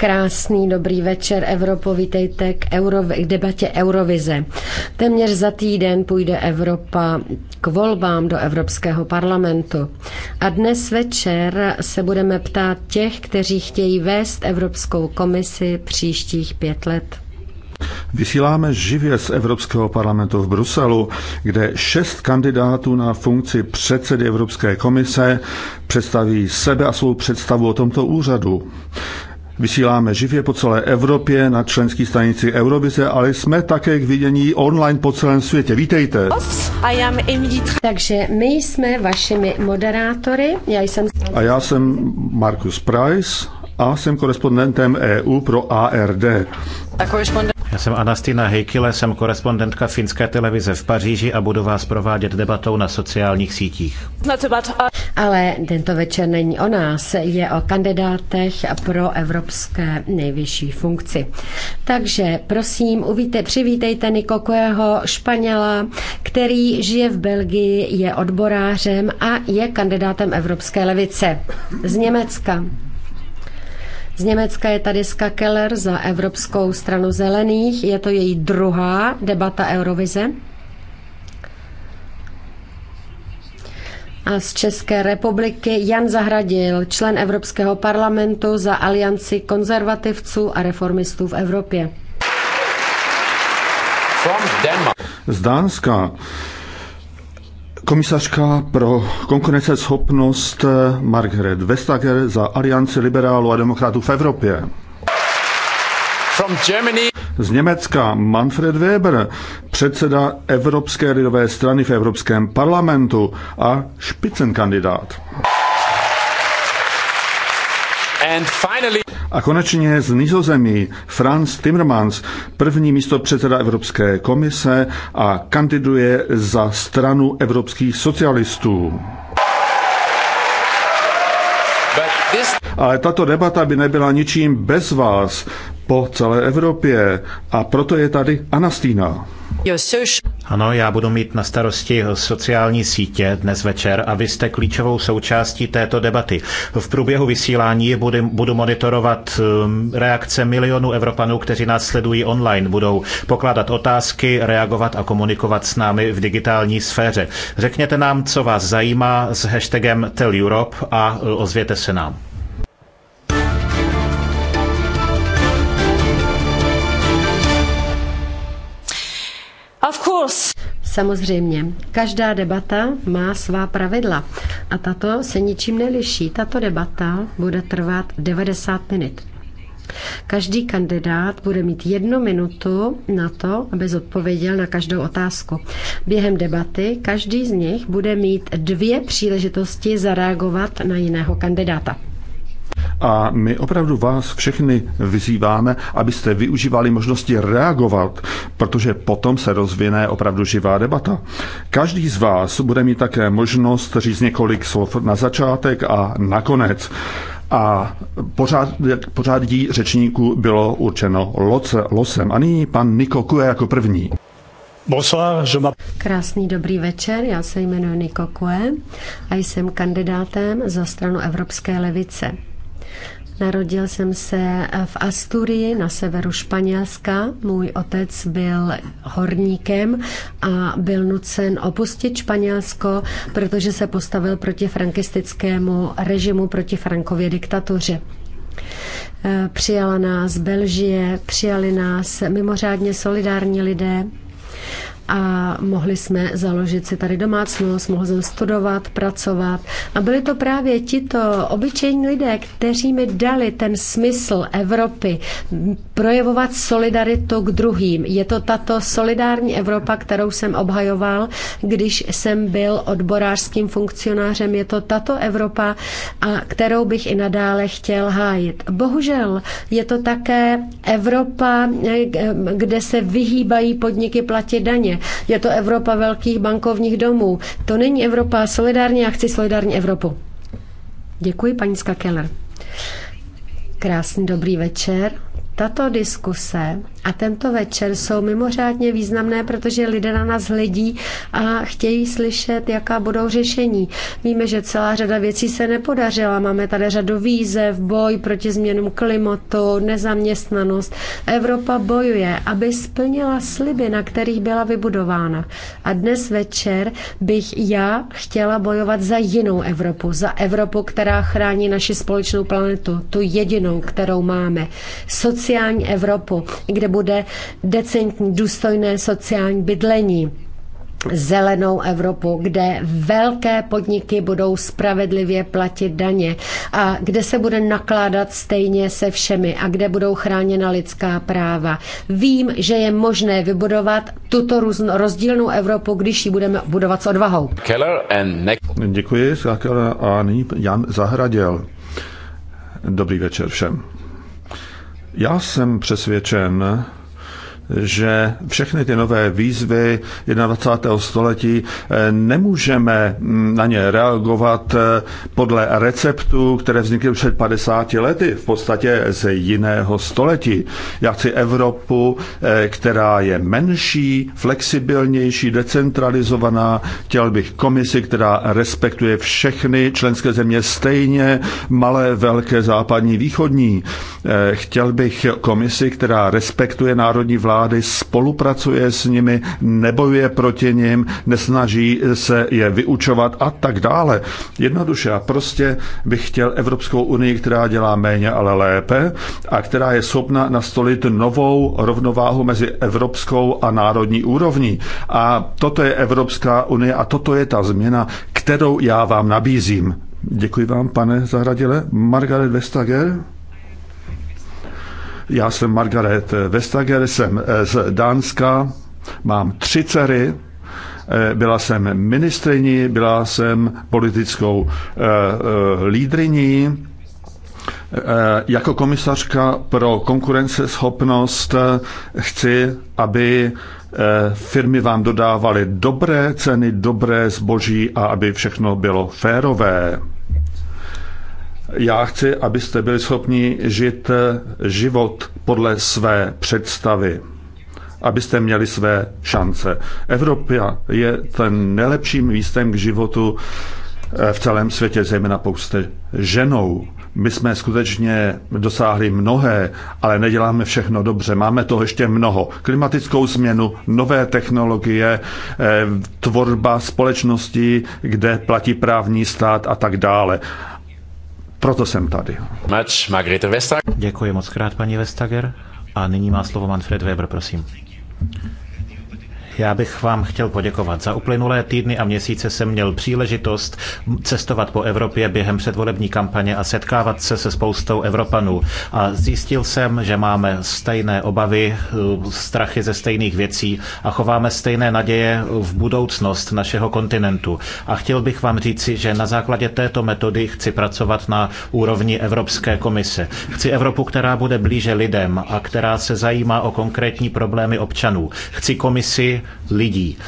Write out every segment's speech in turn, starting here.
Krásný dobrý večer, Evropo, vítejte k, Euro, k debatě Eurovize. Téměř za týden půjde Evropa k volbám do Evropského parlamentu. A dnes večer se budeme ptát těch, kteří chtějí vést Evropskou komisi příštích pět let. Vysíláme živě z Evropského parlamentu v Bruselu, kde šest kandidátů na funkci předsedy Evropské komise představí sebe a svou představu o tomto úřadu. Vysíláme živě po celé Evropě na členské stanici Eurovize, ale jsme také k vidění online po celém světě. Vítejte. Takže my jsme vašimi moderátory. Já jsem... A já jsem Markus Price a jsem korespondentem EU pro ARD. Já jsem Anastina Hejkile, jsem korespondentka finské televize v Paříži a budu vás provádět debatou na sociálních sítích. Ale tento večer není o nás, je o kandidátech pro evropské nejvyšší funkci. Takže prosím, uvíte, přivítejte Nikokého Španěla, který žije v Belgii, je odborářem a je kandidátem Evropské levice z Německa. Z Německa je tady Ska Keller za Evropskou stranu zelených. Je to její druhá debata Eurovize. A z České republiky Jan Zahradil, člen Evropského parlamentu za Alianci konzervativců a reformistů v Evropě. Z Dánska Komisařka pro konkurenceschopnost Margaret Vestager za Alianci liberálů a demokratů v Evropě. Z Německa Manfred Weber, předseda Evropské lidové strany v Evropském parlamentu a špicen kandidát finally... A konečně z Nizozemí Franz Timmermans, první místo předseda Evropské komise a kandiduje za stranu evropských socialistů. This... Ale tato debata by nebyla ničím bez vás po celé Evropě a proto je tady Anastína. Ano, já budu mít na starosti sociální sítě dnes večer a vy jste klíčovou součástí této debaty. V průběhu vysílání budu, budu monitorovat um, reakce milionů Evropanů, kteří nás sledují online. Budou pokládat otázky, reagovat a komunikovat s námi v digitální sféře. Řekněte nám, co vás zajímá s hashtagem Tell Europe a uh, ozvěte se nám. Of course. Samozřejmě, každá debata má svá pravidla a tato se ničím neliší. Tato debata bude trvat 90 minut. Každý kandidát bude mít jednu minutu na to, aby zodpověděl na každou otázku. Během debaty každý z nich bude mít dvě příležitosti zareagovat na jiného kandidáta. A my opravdu vás všechny vyzýváme, abyste využívali možnosti reagovat, protože potom se rozvine opravdu živá debata. Každý z vás bude mít také možnost říct několik slov na začátek a nakonec a pořád, pořádí řečníků bylo určeno loce, losem. A nyní pan Niko Kue jako první. Krásný dobrý večer, já se jmenuji Niko Kue a jsem kandidátem za stranu Evropské levice. Narodil jsem se eh, v Asturii na severu Španělska. Můj otec byl horníkem a byl nucen opustit Španělsko, protože se postavil proti frankistickému režimu, proti Frankově diktatuře. Eh, přijala nás Belžie, přijali nás mimořádně solidární lidé a mohli jsme založit si tady domácnost, mohl jsem studovat, pracovat. A byli to právě tito obyčejní lidé, kteří mi dali ten smysl Evropy, projevovat solidaritu k druhým. Je to tato solidární Evropa, kterou jsem obhajoval, když jsem byl odborářským funkcionářem. Je to tato Evropa, a kterou bych i nadále chtěl hájit. Bohužel je to také Evropa, eh, kde se vyhýbají podniky platit daně. Je to Evropa velkých bankovních domů. To není Evropa solidární, já chci solidární Evropu. Děkuji, paní Skakeller. Krásný dobrý večer. Tato diskuse a tento večer jsou mimořádně významné, protože lidé na nás hledí a chtějí slyšet, jaká budou řešení. Víme, že celá řada věcí se nepodařila. Máme tady řadu výzev, boj proti změnům klimatu, nezaměstnanost. Evropa bojuje, aby splnila sliby, na kterých byla vybudována. A dnes večer bych já chtěla bojovat za jinou Evropu. Za Evropu, která chrání naši společnou planetu. Tu jedinou, kterou máme. Soci sociální Evropu, kde bude decentní, důstojné sociální bydlení zelenou Evropu, kde velké podniky budou spravedlivě platit daně a kde se bude nakládat stejně se všemi a kde budou chráněna lidská práva. Vím, že je možné vybudovat tuto rozdílnou Evropu, když ji budeme budovat s odvahou. Keller and next. Děkuji, Keller a nyní Jan Zahraděl. Dobrý večer všem. Já jsem přesvědčen, že všechny ty nové výzvy 21. století eh, nemůžeme mm, na ně reagovat eh, podle receptů, které vznikly před 50 lety, v podstatě z jiného století. Já chci Evropu, eh, která je menší, flexibilnější, decentralizovaná. Chtěl bych komisi, která respektuje všechny členské země stejně, malé, velké, západní, východní. Chtěl bych komisi, která respektuje národní vlády vlády spolupracuje s nimi, nebojuje proti nim, nesnaží se je vyučovat a tak dále. Jednoduše a prostě bych chtěl Evropskou unii, která dělá méně, ale lépe a která je schopna nastolit novou rovnováhu mezi evropskou a národní úrovní. A toto je Evropská unie a toto je ta změna, kterou já vám nabízím. Děkuji vám, pane Zahradile. Margaret Vestager. Já jsem Margaret Vestager, jsem eh, z Dánska, mám tři dcery, eh, byla jsem ministriní, byla jsem politickou eh, lídriní, jako komisařka pro konkurenceschopnost chci, aby firmy vám dodávaly dobré ceny, dobré zboží a aby všechno bylo férové. Já chci, abyste byli schopni žít eh, život podle své představy, abyste měli své šance. Evropa je ten nejlepším místem k životu eh, v celém světě, zejména pokud jste ženou. My jsme skutečně dosáhli mnohé, ale neděláme všechno dobře. Máme toho ještě mnoho. Klimatickou změnu, nové technologie, eh, tvorba společnosti, kde platí právní stát a tak dále. Proto jsem tady. Mač Margrethe Vestager. Děkuji moc krát, paní Vestager. A nyní má slovo Manfred Weber, prosím. Já bych vám chtěl poděkovat. Za uplynulé týdny a měsíce jsem měl příležitost cestovat po Evropě během předvolební kampaně a setkávat se se spoustou Evropanů. A zjistil jsem, že máme stejné obavy, strachy ze stejných věcí a chováme stejné naděje v budoucnost našeho kontinentu. A chtěl bych vám říci, že na základě této metody chci pracovat na úrovni Evropské komise. Chci Evropu, která bude blíže lidem a která se zajímá o konkrétní problémy občanů. Chci komisi, lidí.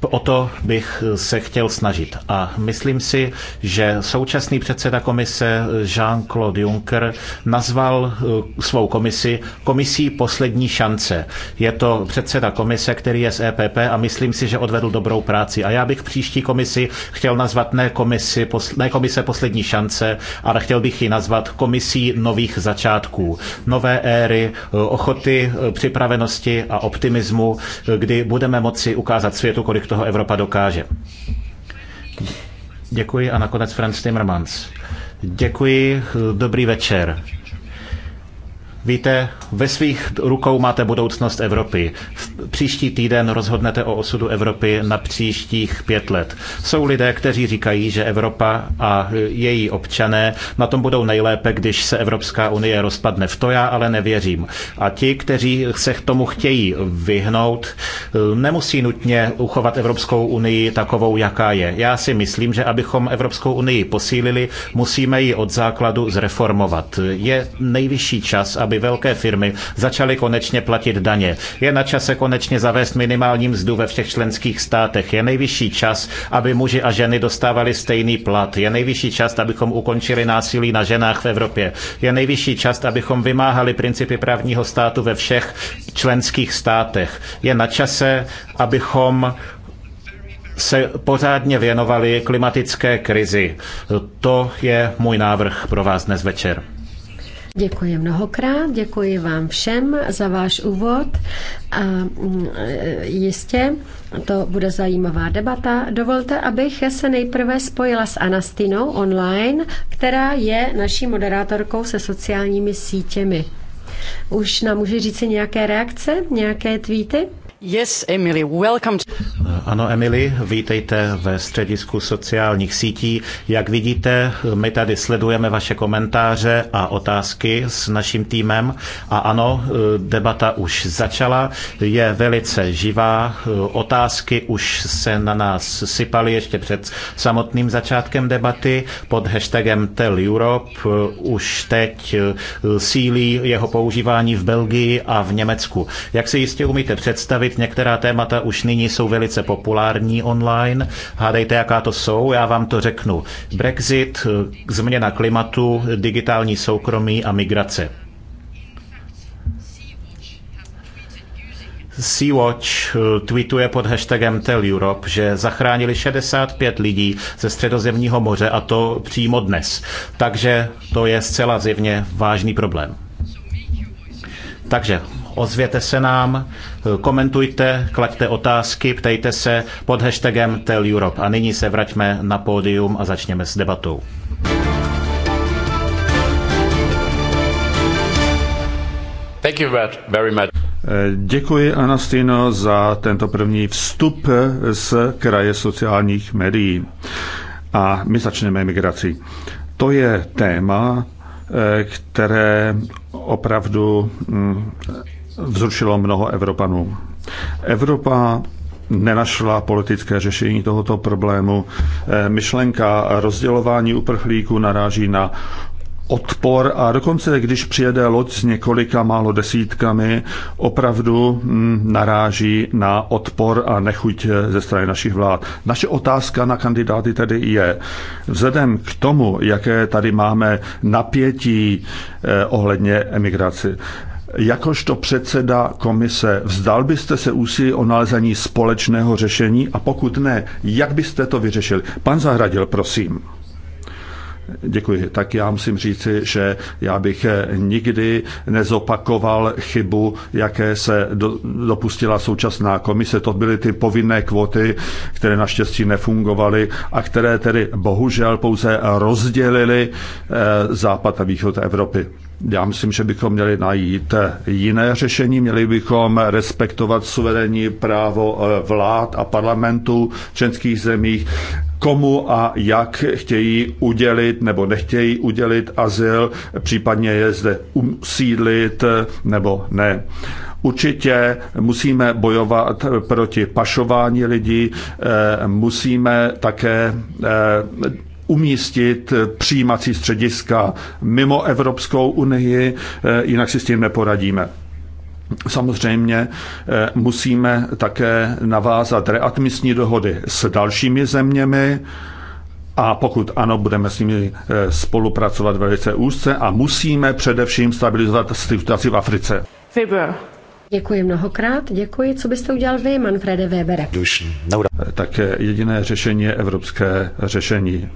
O to bych se chtěl snažit. A myslím si, že současný předseda komise Jean-Claude Juncker nazval eh, svou komisi komisí poslední šance. Je to předseda komise, který je z EPP a myslím si, že odvedl dobrou práci. A já bych příští komisi chtěl nazvat ne, komisi, ne komise poslední šance, ale chtěl bych ji nazvat komisí nových začátků, nové éry, eh, ochoty, eh, připravenosti a optimismu, kdy budeme budeme moci ukázat světu, kolik toho Evropa dokáže. Děkuji a nakonec Franz Timmermans. Děkuji, dobrý večer. Víte, ve svých rukou máte budoucnost Evropy. V příští týden rozhodnete o osudu Evropy na příštích pět let. Jsou lidé, kteří říkají, že Evropa a její občané na tom budou nejlépe, když se Evropská unie rozpadne. V to já ale nevěřím. A ti, kteří se k tomu chtějí vyhnout, nemusí nutně uchovat Evropskou unii takovou, jaká je. Já si myslím, že abychom Evropskou unii posílili, musíme ji od základu zreformovat. Je nejvyšší čas, aby aby velké firmy začaly konečně platit daně. Je na čase konečně zavést minimální mzdu ve všech členských státech. Je nejvyšší čas, aby muži a ženy dostávali stejný plat. Je nejvyšší čas, abychom ukončili násilí na ženách v Evropě. Je nejvyšší čas, abychom vymáhali principy právního státu ve všech členských státech. Je na čase, abychom se pořádně věnovali klimatické krizi. To je můj návrh pro vás dnes večer. Děkuji mnohokrát, děkuji vám všem za váš úvod a mm, e, jistě to bude zajímavá debata. Dovolte, abych se nejprve spojila s Anastinou online, která je naší moderátorkou se sociálními sítěmi. Už nám může říct nějaké reakce, nějaké tweety? Yes, Emily, welcome. Ano, Emily, vítejte ve středisku sociálních sítí. Jak vidíte, my tady sledujeme vaše komentáře a otázky s naším týmem. A ano, debata už začala, je velice živá. Otázky už se na nás sypaly ještě před samotným začátkem debaty. Pod hashtagem Tell Europe už teď eh, sílí jeho používání v Belgii a v Německu. Jak si jistě umíte představit, mluvit. Některá témata už nyní jsou velice populární online. Hádejte, jaká to jsou, já vám to řeknu. Brexit, změna klimatu, digitální soukromí a migrace. Sea-Watch eh, tweetuje pod hashtagem Tell Europe, že zachránili 65 lidí ze středozemního moře a to přímo dnes. Takže to je zcela zjevně vážný problém. Takže ozvěte se nám, komentujte, klaďte otázky, ptejte se pod hashtagem Tell Europe. A nyní se vraťme na pódium a začněme s debatou. Thank you very much. Děkuji, Anastino, za tento první vstup z kraje sociálních médií. A my začneme migrací. To je téma, Eh, které opravdu mm, vzrušilo mnoho Evropanů. Evropa nenašla politické řešení tohoto problému. Eh, myšlenka rozdělování uprchlíků naráží na odpor a dokonce, když přijede loď s několika málo desítkami, opravdu hm, naráží na odpor a nechuť eh, ze strany našich vlád. Naše otázka na kandidáty tedy je, vzhledem k tomu, jaké tady máme napětí eh, ohledně emigraci, Jakožto předseda komise, vzdal byste se úsilí o nalezení společného řešení a pokud ne, jak byste to vyřešili? Pan Zahradil, prosím. Děkuji. Tak já musím říci, že já bych eh, nikdy nezopakoval chybu, jaké se do, dopustila současná komise. To byly ty povinné kvóty, které naštěstí nefungovaly a které tedy bohužel pouze rozdělily eh, západ a východ Evropy. Já myslím, že bychom měli najít jiné řešení, měli bychom respektovat suverénní právo eh, vlád a parlamentů v členských zemích, komu a jak chtějí udělit nebo nechtějí udělit azyl, případně je zde usídlit eh, nebo ne. Určitě musíme bojovat proti pašování lidí, eh, musíme také umístit přijímací střediska mimo Evropskou unii, eh, jinak si s tím neporadíme. Samozřejmě eh, musíme také navázat readmisní dohody s dalšími zeměmi, a pokud ano, budeme s nimi eh, spolupracovat velice úzce a musíme především stabilizovat situaci v Africe. Děkuji mnohokrát. Děkuji. Co byste udělal vy, Manfrede Webere? Eh, tak eh, jediné řešení je evropské řešení.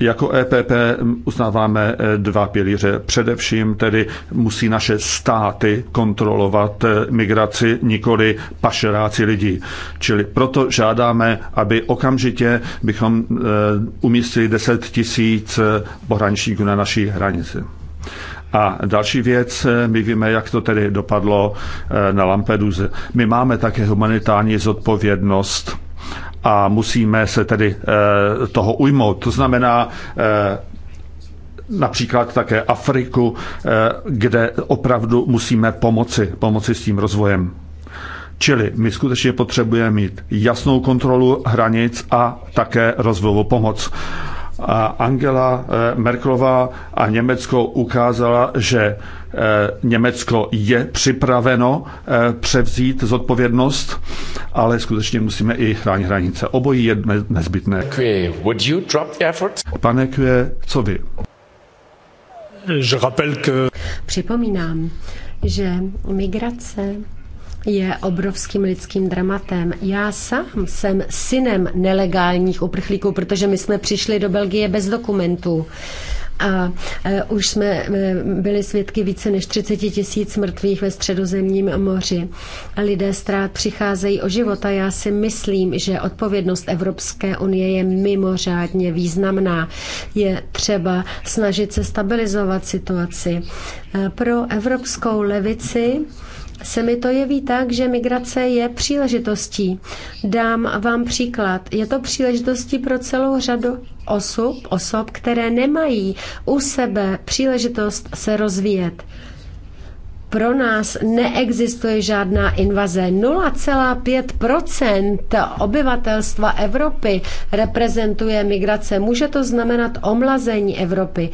Jako EPP mm, uznáváme eh, dva pilíře. Především tedy musí naše státy kontrolovat migraci, nikoli pašeráci lidí. Čili proto žádáme, aby okamžitě bychom umístili 10 tisíc pohraničníků na naší hranici. A další věc, eh, my víme, jak to tedy dopadlo eh, na Lampeduze. My máme také humanitární zodpovědnost a musíme se tedy eh, toho ujmout. To znamená, například také Afriku, kde opravdu musíme pomoci, pomoci s tím rozvojem. Čili my skutečně potřebujeme mít jasnou kontrolu hranic a také rozvojovou pomoc a Angela eh, Merklová a Německo ukázala, že eh, Německo je připraveno eh, převzít zodpovědnost, ale skutečně musíme i chránit hranice. Obojí je nezbytné. Pane Kvě, co vy? Připomínám, že migrace je obrovským lidským dramatem. Já sám jsem synem nelegálních uprchlíků, protože my jsme přišli do Belgie bez dokumentů. A e, už jsme e, byli svědky více než 30 tisíc mrtvých ve středozemním moři. Lidé ztrát přicházejí o život a já si myslím, že odpovědnost Evropské unie je mimořádně významná. Je třeba snažit se stabilizovat situaci. E, pro evropskou levici se mi to jeví tak, že migrace je příležitostí. Dám vám příklad. Je to příležitostí pro celou řadu osob, osob, které nemají u sebe příležitost se rozvíjet pro nás neexistuje žádná invaze. 0,5 obyvatelstva Evropy reprezentuje migrace. Může to znamenat omlazení Evropy.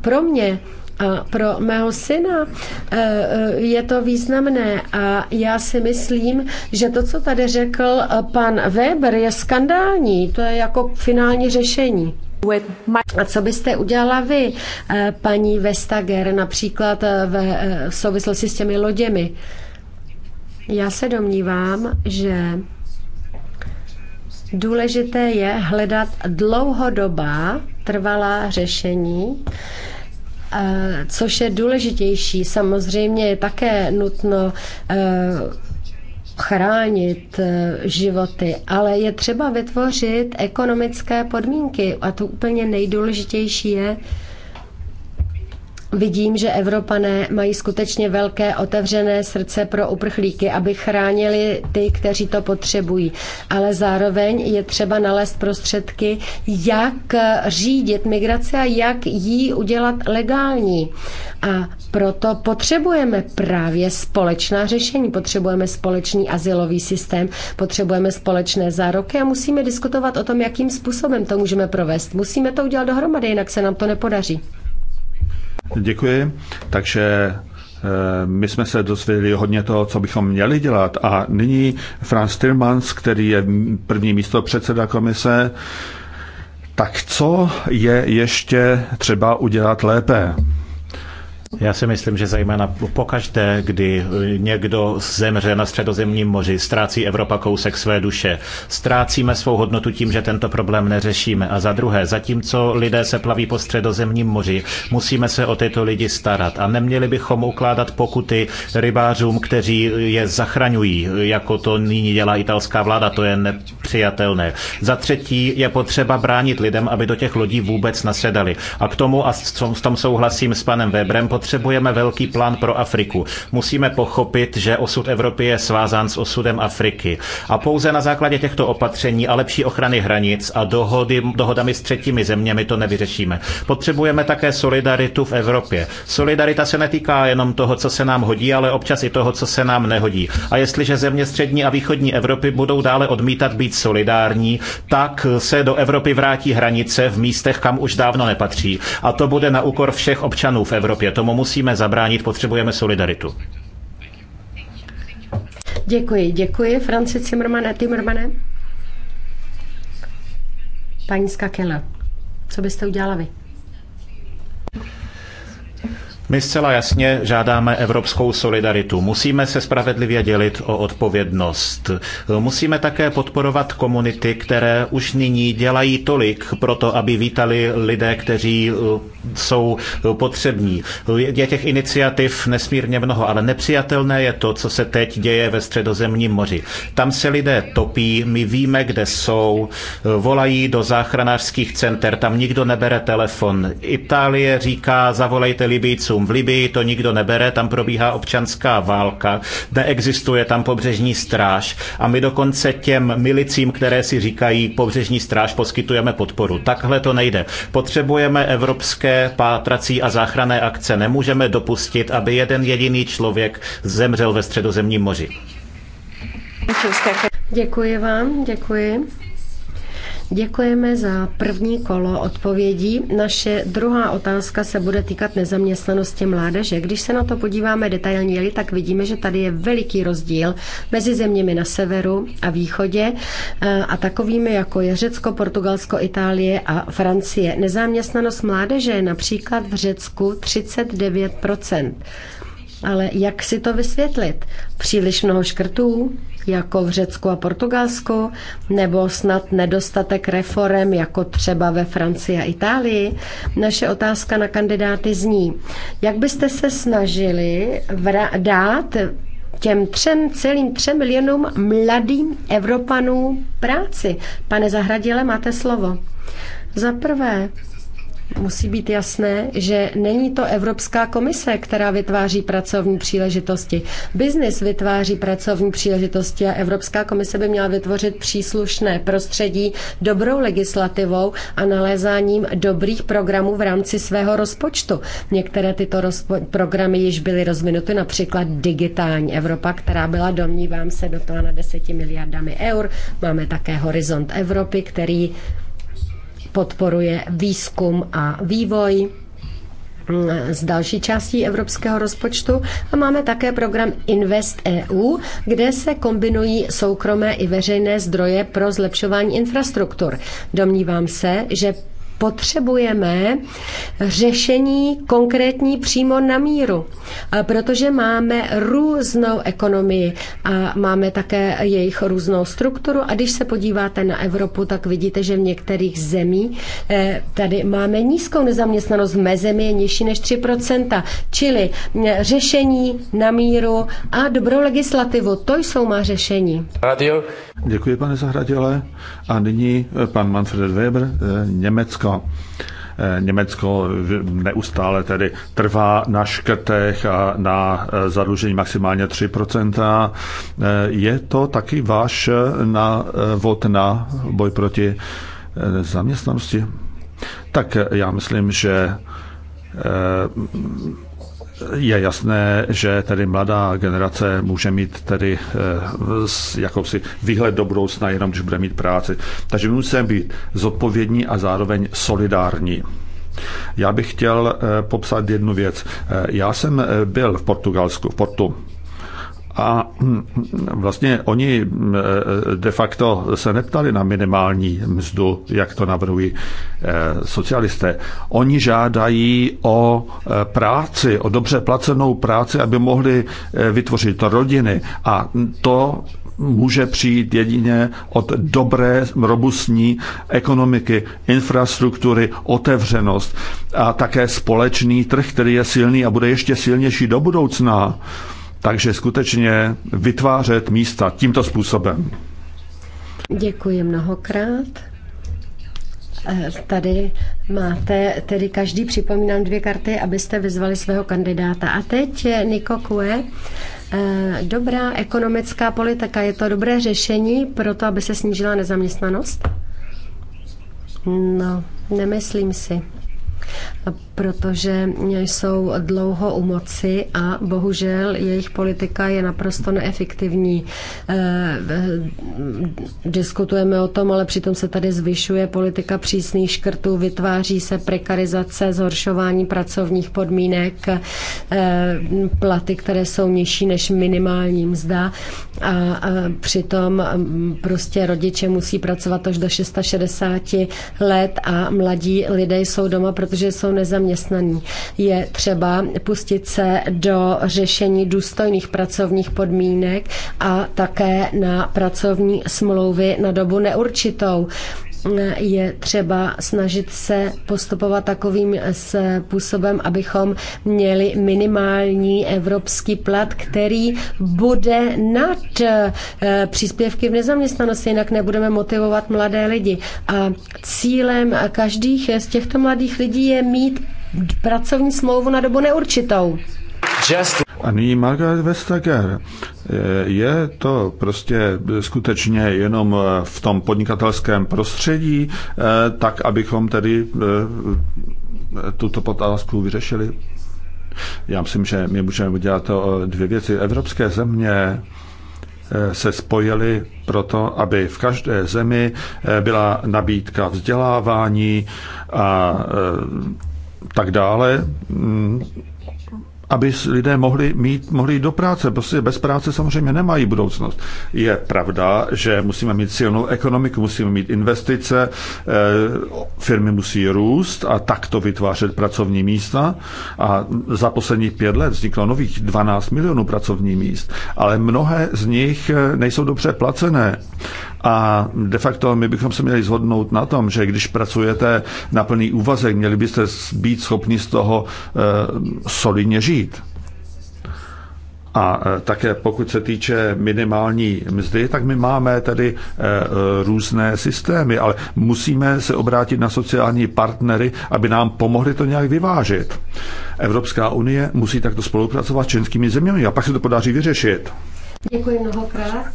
Pro mě Eh, pro mého syna eh, eh, je to významné a já si myslím, že to, co tady řekl pan Weber, je skandální. To je jako finální řešení. A co byste udělala vy, paní Vestager, například v souvislosti s těmi loděmi? Já se domnívám, že důležité je hledat dlouhodobá trvalá řešení, Což je důležitější, samozřejmě je také nutno eh, chránit eh, životy, ale je třeba vytvořit ekonomické podmínky a to úplně nejdůležitější je, Vidím, že Evropané mají skutečně velké otevřené srdce pro uprchlíky, aby chránili ty, kteří to potřebují. Ale zároveň je třeba nalézt prostředky, jak řídit migraci a jak ji udělat legální. A proto potřebujeme právě společná řešení, potřebujeme společný asilový systém, potřebujeme společné zároky a musíme diskutovat o tom, jakým způsobem to můžeme provést. Musíme to udělat dohromady, jinak se nám to nepodaří. Děkuji. Takže eh, my jsme se dozvěděli hodně toho, co bychom měli dělat. A nyní Franz Timmermans, který je první místo předseda komise, tak co je ještě třeba udělat lépe? Já si myslím, že zejména pokaždé, kdy někdo zemře na středozemním moři, ztrácí Evropa kousek své duše. Ztrácíme svou hodnotu tím, že tento problém neřešíme. A za druhé, zatímco lidé se plaví po středozemním moři, musíme se o tyto lidi starat. A neměli bychom ukládat pokuty rybářům, kteří je zachraňují, jako to nyní dělá italská vláda. To je nepřijatelné. Za třetí, je potřeba bránit lidem, aby do těch lodí vůbec nasedali. A k tomu, a s tom souhlasím s panem Webrem, potřebujeme velký plán pro Afriku. Musíme pochopit, že osud Evropy je svázán s osudem Afriky. A pouze na základě těchto opatření a lepší ochrany hranic a dohody, dohodami s třetími zeměmi to nevyřešíme. Potřebujeme také solidaritu v Evropě. Solidarita se netýká jenom toho, co se nám hodí, ale občas i toho, co se nám nehodí. A jestliže země střední a východní Evropy budou dále odmítat být solidární, tak se do Evropy vrátí hranice v místech, kam už dávno nepatří. A to bude na úkor všech občanů v Evropě. To tomu musíme zabránit, potřebujeme solidaritu. Děkuji, děkuji, Franci Cimrmane, Timrmane. Paní Skakela, co byste udělala vy? My zcela jasně žádáme evropskou solidaritu. Musíme se spravedlivě dělit o odpovědnost. Musíme také podporovat komunity, které už nyní dělají tolik pro to, aby vítali lidé, kteří eh, jsou eh, potřební. Je těch iniciativ nesmírně mnoho, ale nepřijatelné je to, co se teď děje ve středozemním moři. Tam se lidé topí, my víme, kde jsou, eh, volají do záchranářských center, tam nikdo nebere telefon. Itálie říká, zavolejte Libijcům, migrantům. V Libii to nikdo nebere, tam probíhá občanská válka, neexistuje tam pobřežní stráž a my dokonce těm milicím, které si říkají pobřežní stráž, poskytujeme podporu. Takhle to nejde. Potřebujeme evropské pátrací a záchranné akce. Nemůžeme dopustit, aby jeden jediný člověk zemřel ve středozemním moři. Děkuji vám, děkuji. Děkujeme za první kolo odpovědí. Naše druhá otázka se bude týkat nezaměstnanosti mládeže. Když se na to podíváme detailněji, tak vidíme, že tady je veliký rozdíl mezi zeměmi na severu a východě eh, a takovými, jako je Řecko, Portugalsko, Itálie a Francie. Nezaměstnanost mládeže je například v Řecku 39 ale jak si to vysvětlit? Příliš mnoho škrtů, jako v Řecku a Portugalsku, nebo snad nedostatek reform, jako třeba ve Francii a Itálii? Naše otázka na kandidáty zní, jak byste se snažili dát těm třem, celým třem milionům mladým Evropanům práci. Pane Zahradile, máte slovo. Za prvé, musí být jasné, že není to Evropská komise, která vytváří pracovní příležitosti. Biznis vytváří pracovní příležitosti a Evropská komise by měla vytvořit příslušné prostředí dobrou legislativou a nalézáním dobrých programů v rámci svého rozpočtu. Některé tyto programy již byly rozvinuty, například digitální Evropa, která byla, domnívám se, dotována 10 miliardami eur. Máme také Horizont Evropy, který podporuje výzkum a vývoj z další částí evropského rozpočtu a máme také program Invest EU, kde se kombinují soukromé i veřejné zdroje pro zlepšování infrastruktur. Domnívám se, že potřebujeme řešení konkrétní přímo na míru, protože máme různou ekonomii a máme také jejich různou strukturu a když se podíváte na Evropu, tak vidíte, že v některých zemí eh, tady máme nízkou nezaměstnanost, mezi zemi je nižší než 3%, čili eh, řešení na míru a dobrou legislativu, to jsou má řešení. Radio. Děkuji, pane Zahraděle. A nyní eh, pan Manfred Weber, Německo Německo. Eh, Německo neustále tedy trvá na škrtech a na eh, zadlužení maximálně 3%. Eh, je to taky váš návod na boj proti zaměstnanosti? Tak já myslím, že je jasné, že tedy mladá generace může mít tedy eh, jakousi výhled do budoucna, jenom když bude mít práci. Takže musíme být zodpovědní a zároveň solidární. Já bych chtěl eh, popsat jednu věc. Eh, já jsem byl v Portugalsku, v Portu, a hm, vlastně oni eh, de facto se neptali na minimální mzdu, jak to navrhují eh, socialisté. Oni žádají o eh, práci, o dobře placenou práci, aby mohli vytvořit rodiny. A to může přijít jedině od dobré, robustní ekonomiky, infrastruktury, otevřenost a také společný trh, který je silný a bude ještě silnější do budoucna. Takže skutečně vytvářet místa tímto způsobem. Děkuji mnohokrát. Tady máte, tedy každý připomínám dvě karty, abyste vyzvali svého kandidáta. A teď Niko Kue. E, dobrá ekonomická politika, je to dobré řešení pro to, aby se snížila nezaměstnanost? No, nemyslím si protože jsou dlouho u moci a bohužel jejich politika je naprosto neefektivní. Eh, diskutujeme o tom, ale přitom se tady zvyšuje politika přísných škrtů, vytváří se prekarizace, zhoršování pracovních podmínek, eh, platy, které jsou nižší než minimální mzda a přitom mm, prostě rodiče musí pracovat až do 660 let a mladí lidé jsou doma, protože protože jsou nezaměstnaní. Je třeba pustit se do řešení důstojných pracovních podmínek a také na pracovní smlouvy na dobu neurčitou je třeba snažit se postupovat takovým způsobem, abychom měli minimální evropský plat, který bude nad eh, příspěvky v nezaměstnanosti, jinak nebudeme motivovat mladé lidi. A cílem každých z těchto mladých lidí je mít pracovní smlouvu na dobu neurčitou. A nyní Margaret Vestager. Je to prostě skutečně jenom eh, v tom podnikatelském prostředí, eh, tak abychom tedy eh, tuto otázku vyřešili? Já myslím, že my můžeme udělat dvě věci. Evropské země se spojily proto, aby v každé zemi byla nabídka vzdělávání a tak dále mm aby lidé mohli, mít, mohli jít do práce. Prostě bez práce samozřejmě nemají budoucnost. Je pravda, že musíme mít silnou ekonomiku, musíme mít investice, eh, firmy musí růst a takto vytvářet pracovní místa. A za posledních pět let vzniklo nových 12 milionů pracovních míst, ale mnohé z nich eh, nejsou dobře placené. A de facto my bychom se měli zhodnout na tom, že když pracujete na plný úvazek, měli byste být schopni z toho eh, solidně žít. A eh, také pokud se týče minimální mzdy, tak my máme tady eh, různé systémy, ale musíme se obrátit na sociální partnery, aby nám pomohli to nějak vyvážit. Evropská unie musí takto spolupracovat s českými zeměmi a pak se to podaří vyřešit. Děkuji mnohokrát.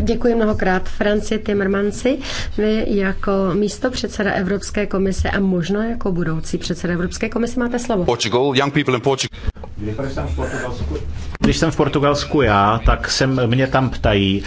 Děkuji mnohokrát Franci Timmermansi, vy jako místo předseda Evropské komise a možná jako budoucí předseda Evropské komise máte slovo. Portugal, young people in Portugal. Když jsem v Portugalsku já, tak se mě tam ptají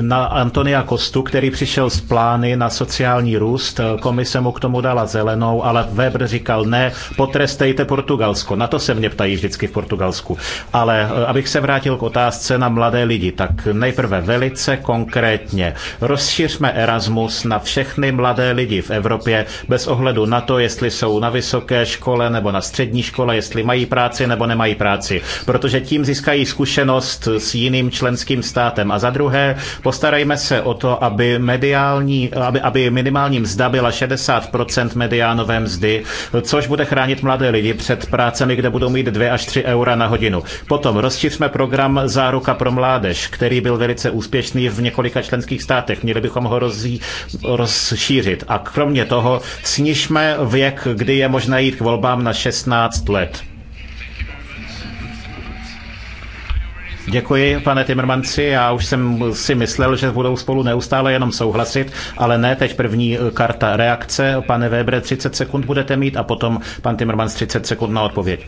na Antonia Kostu, který přišel s plány na sociální růst. Eh, komise mu k tomu dala zelenou, ale Weber říkal ne, potrestejte Portugalsko. Na to se mě ptají vždycky v Portugalsku. Ale eh, abych se vrátil k otázce na mladé lidi, tak nejprve velice konkrétně. Rozšiřme Erasmus na všechny mladé lidi v Evropě bez ohledu na to, jestli jsou na vysoké škole nebo na střední škole, jestli mají práci nebo nemají práci. Protože tím získají získají zkušenost s jiným členským státem. A za druhé, postarejme se o to, aby, mediální, aby, aby minimální mzda byla 60% mediánové mzdy, což bude chránit mladé lidi před prácemi, kde budou mít 2 až 3 eura na hodinu. Potom rozšiřme program Záruka pro mládež, který byl velice úspěšný v několika členských státech. Měli bychom ho rozjí, rozšířit. A kromě toho snižme věk, kdy je možné jít k volbám na 16 let. Děkuji, pane Timmermanci. Já už jsem si myslel, že budou spolu neustále jenom souhlasit, ale ne, teď první eh, karta reakce. Pane Weber, 30 sekund budete mít a potom pan Timmermans 30 sekund na odpověď.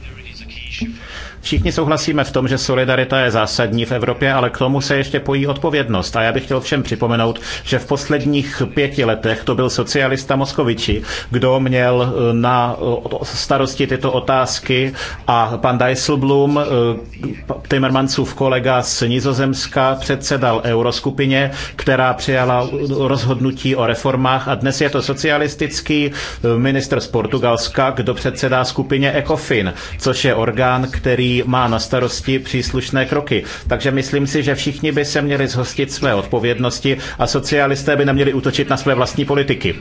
Všichni souhlasíme v tom, že solidarita je zásadní v Evropě, ale k tomu se ještě pojí odpovědnost. A já bych chtěl všem připomenout, že v posledních pěti letech to byl socialista Moskoviči, kdo měl eh, na starosti tyto otázky a pan Dijsselblum, eh, Timmermansův kolega z Nizozemska, předsedal euroskupině, která přijala rozhodnutí o reformách a dnes je to socialistický eh, minister z Portugalska, kdo předsedá skupině ECOFIN, což je orgán, který má na starosti příslušné kroky. Takže myslím si, že všichni by se měli zhostit své odpovědnosti a socialisté by neměli útočit na své vlastní politiky.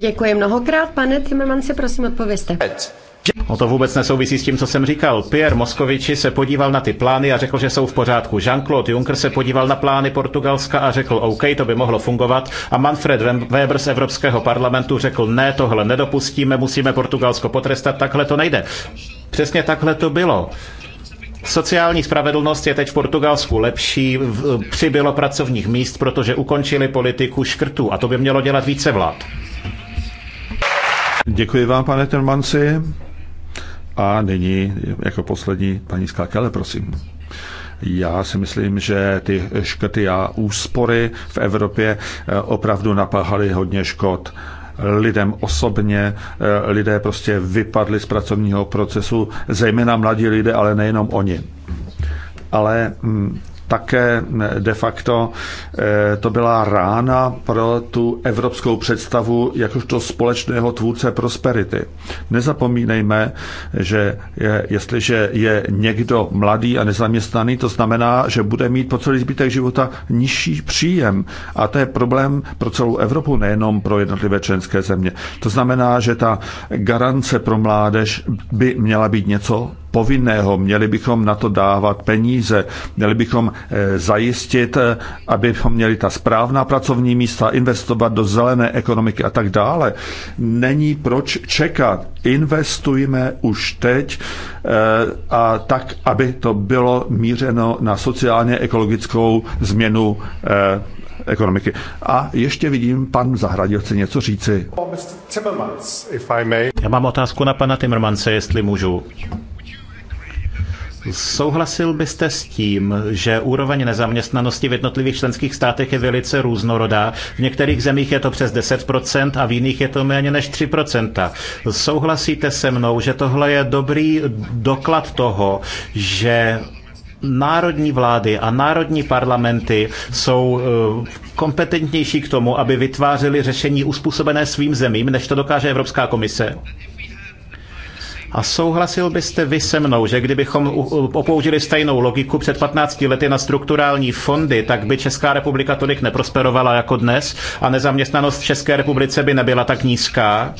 Děkuji mnohokrát, pane Timmermansi, prosím odpovězte. to vůbec nesouvisí s tím, co jsem říkal. Pierre Moskoviči se podíval na ty plány a řekl, že jsou v pořádku. Jean-Claude Juncker se podíval na plány Portugalska a řekl, OK, to by mohlo fungovat. A Manfred Weber z Evropského parlamentu řekl, ne, tohle nedopustíme, musíme Portugalsko potrestat, takhle to nejde. Přesně takhle to bylo. Sociální spravedlnost je teď v Portugalsku lepší, v, přibylo pracovních míst, protože ukončili politiku škrtů a to by mělo dělat více vlád. Děkuji vám, pane Termanci. A nyní jako poslední paní Skákele, prosím. Já si myslím, že ty škrty a úspory v Evropě eh, opravdu napáhaly hodně škod lidem osobně. Eh, lidé prostě vypadli z pracovního procesu, zejména mladí lidé, ale nejenom oni. Ale mm, také eh, de facto eh, to byla rána pro tu evropskou představu jakožto společného tvůrce prosperity. Nezapomínejme, že je, jestliže je někdo mladý a nezaměstnaný, to znamená, že bude mít po celý zbytek života nižší příjem. A to je problém pro celou Evropu, nejenom pro jednotlivé členské země. To znamená, že ta garance pro mládež by měla být něco povinného, měli bychom na to dávat peníze, měli bychom eh, zajistit, eh, abychom měli ta správná pracovní místa, investovat do zelené ekonomiky a tak dále. Není proč čekat. Investujme už teď eh, a tak, aby to bylo mířeno na sociálně ekologickou změnu ekonomiky. A ještě vidím, pan Zahradil chce něco říci. Já mám otázku na pana Timmermanse, jestli můžu. Souhlasil byste s tím, že úroveň nezaměstnanosti v jednotlivých členských státech je velice různorodá. V některých zemích je to přes 10% a v jiných je to méně než 3%. Souhlasíte se mnou, že tohle je dobrý doklad toho, že národní vlády a národní parlamenty jsou eh, kompetentnější k tomu, aby vytvářely řešení uspůsobené svým zemím, než to dokáže Evropská komise? A souhlasil byste vy se mnou, že kdybychom opoužili stejnou logiku před 15 lety na strukturální fondy, tak by Česká republika tolik neprosperovala jako dnes a nezaměstnanost v České republice by nebyla tak nízká?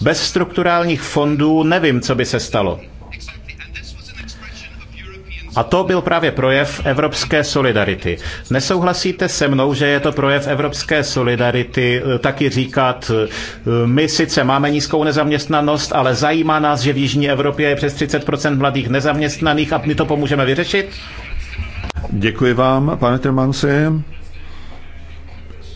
Bez strukturálních fondů nevím, co by se stalo. A to byl právě projev evropské solidarity. Nesouhlasíte se mnou, že je to projev evropské solidarity eh, taky říkat, eh, my sice máme nízkou nezaměstnanost, ale zajímá nás, že v Jižní Evropě je přes 30% mladých nezaměstnaných a my to pomůžeme vyřešit? Děkuji vám, pane Tremansi.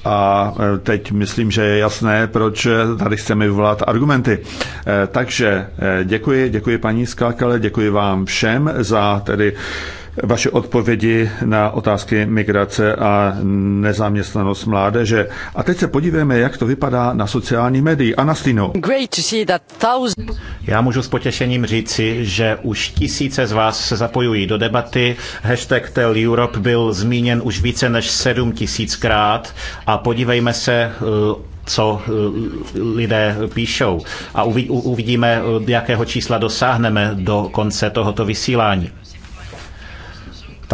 A e, teď myslím, že je jasné, proč e, tady chceme vyvolat argumenty. E, takže děkuji, děkuji paní Skákale, děkuji vám všem za tedy vaše odpovědi na otázky migrace a nezaměstnanost mládeže. A teď se podívejme, jak to vypadá na sociální médii. Anastino. Já můžu s potěšením říci, že už tisíce z vás se zapojují do debaty. Hashtag Tell Europe byl zmíněn už více než sedm tisíckrát a podívejme se eh, co eh, lidé píšou. A uvidíme, eh, jakého čísla dosáhneme do konce tohoto vysílání.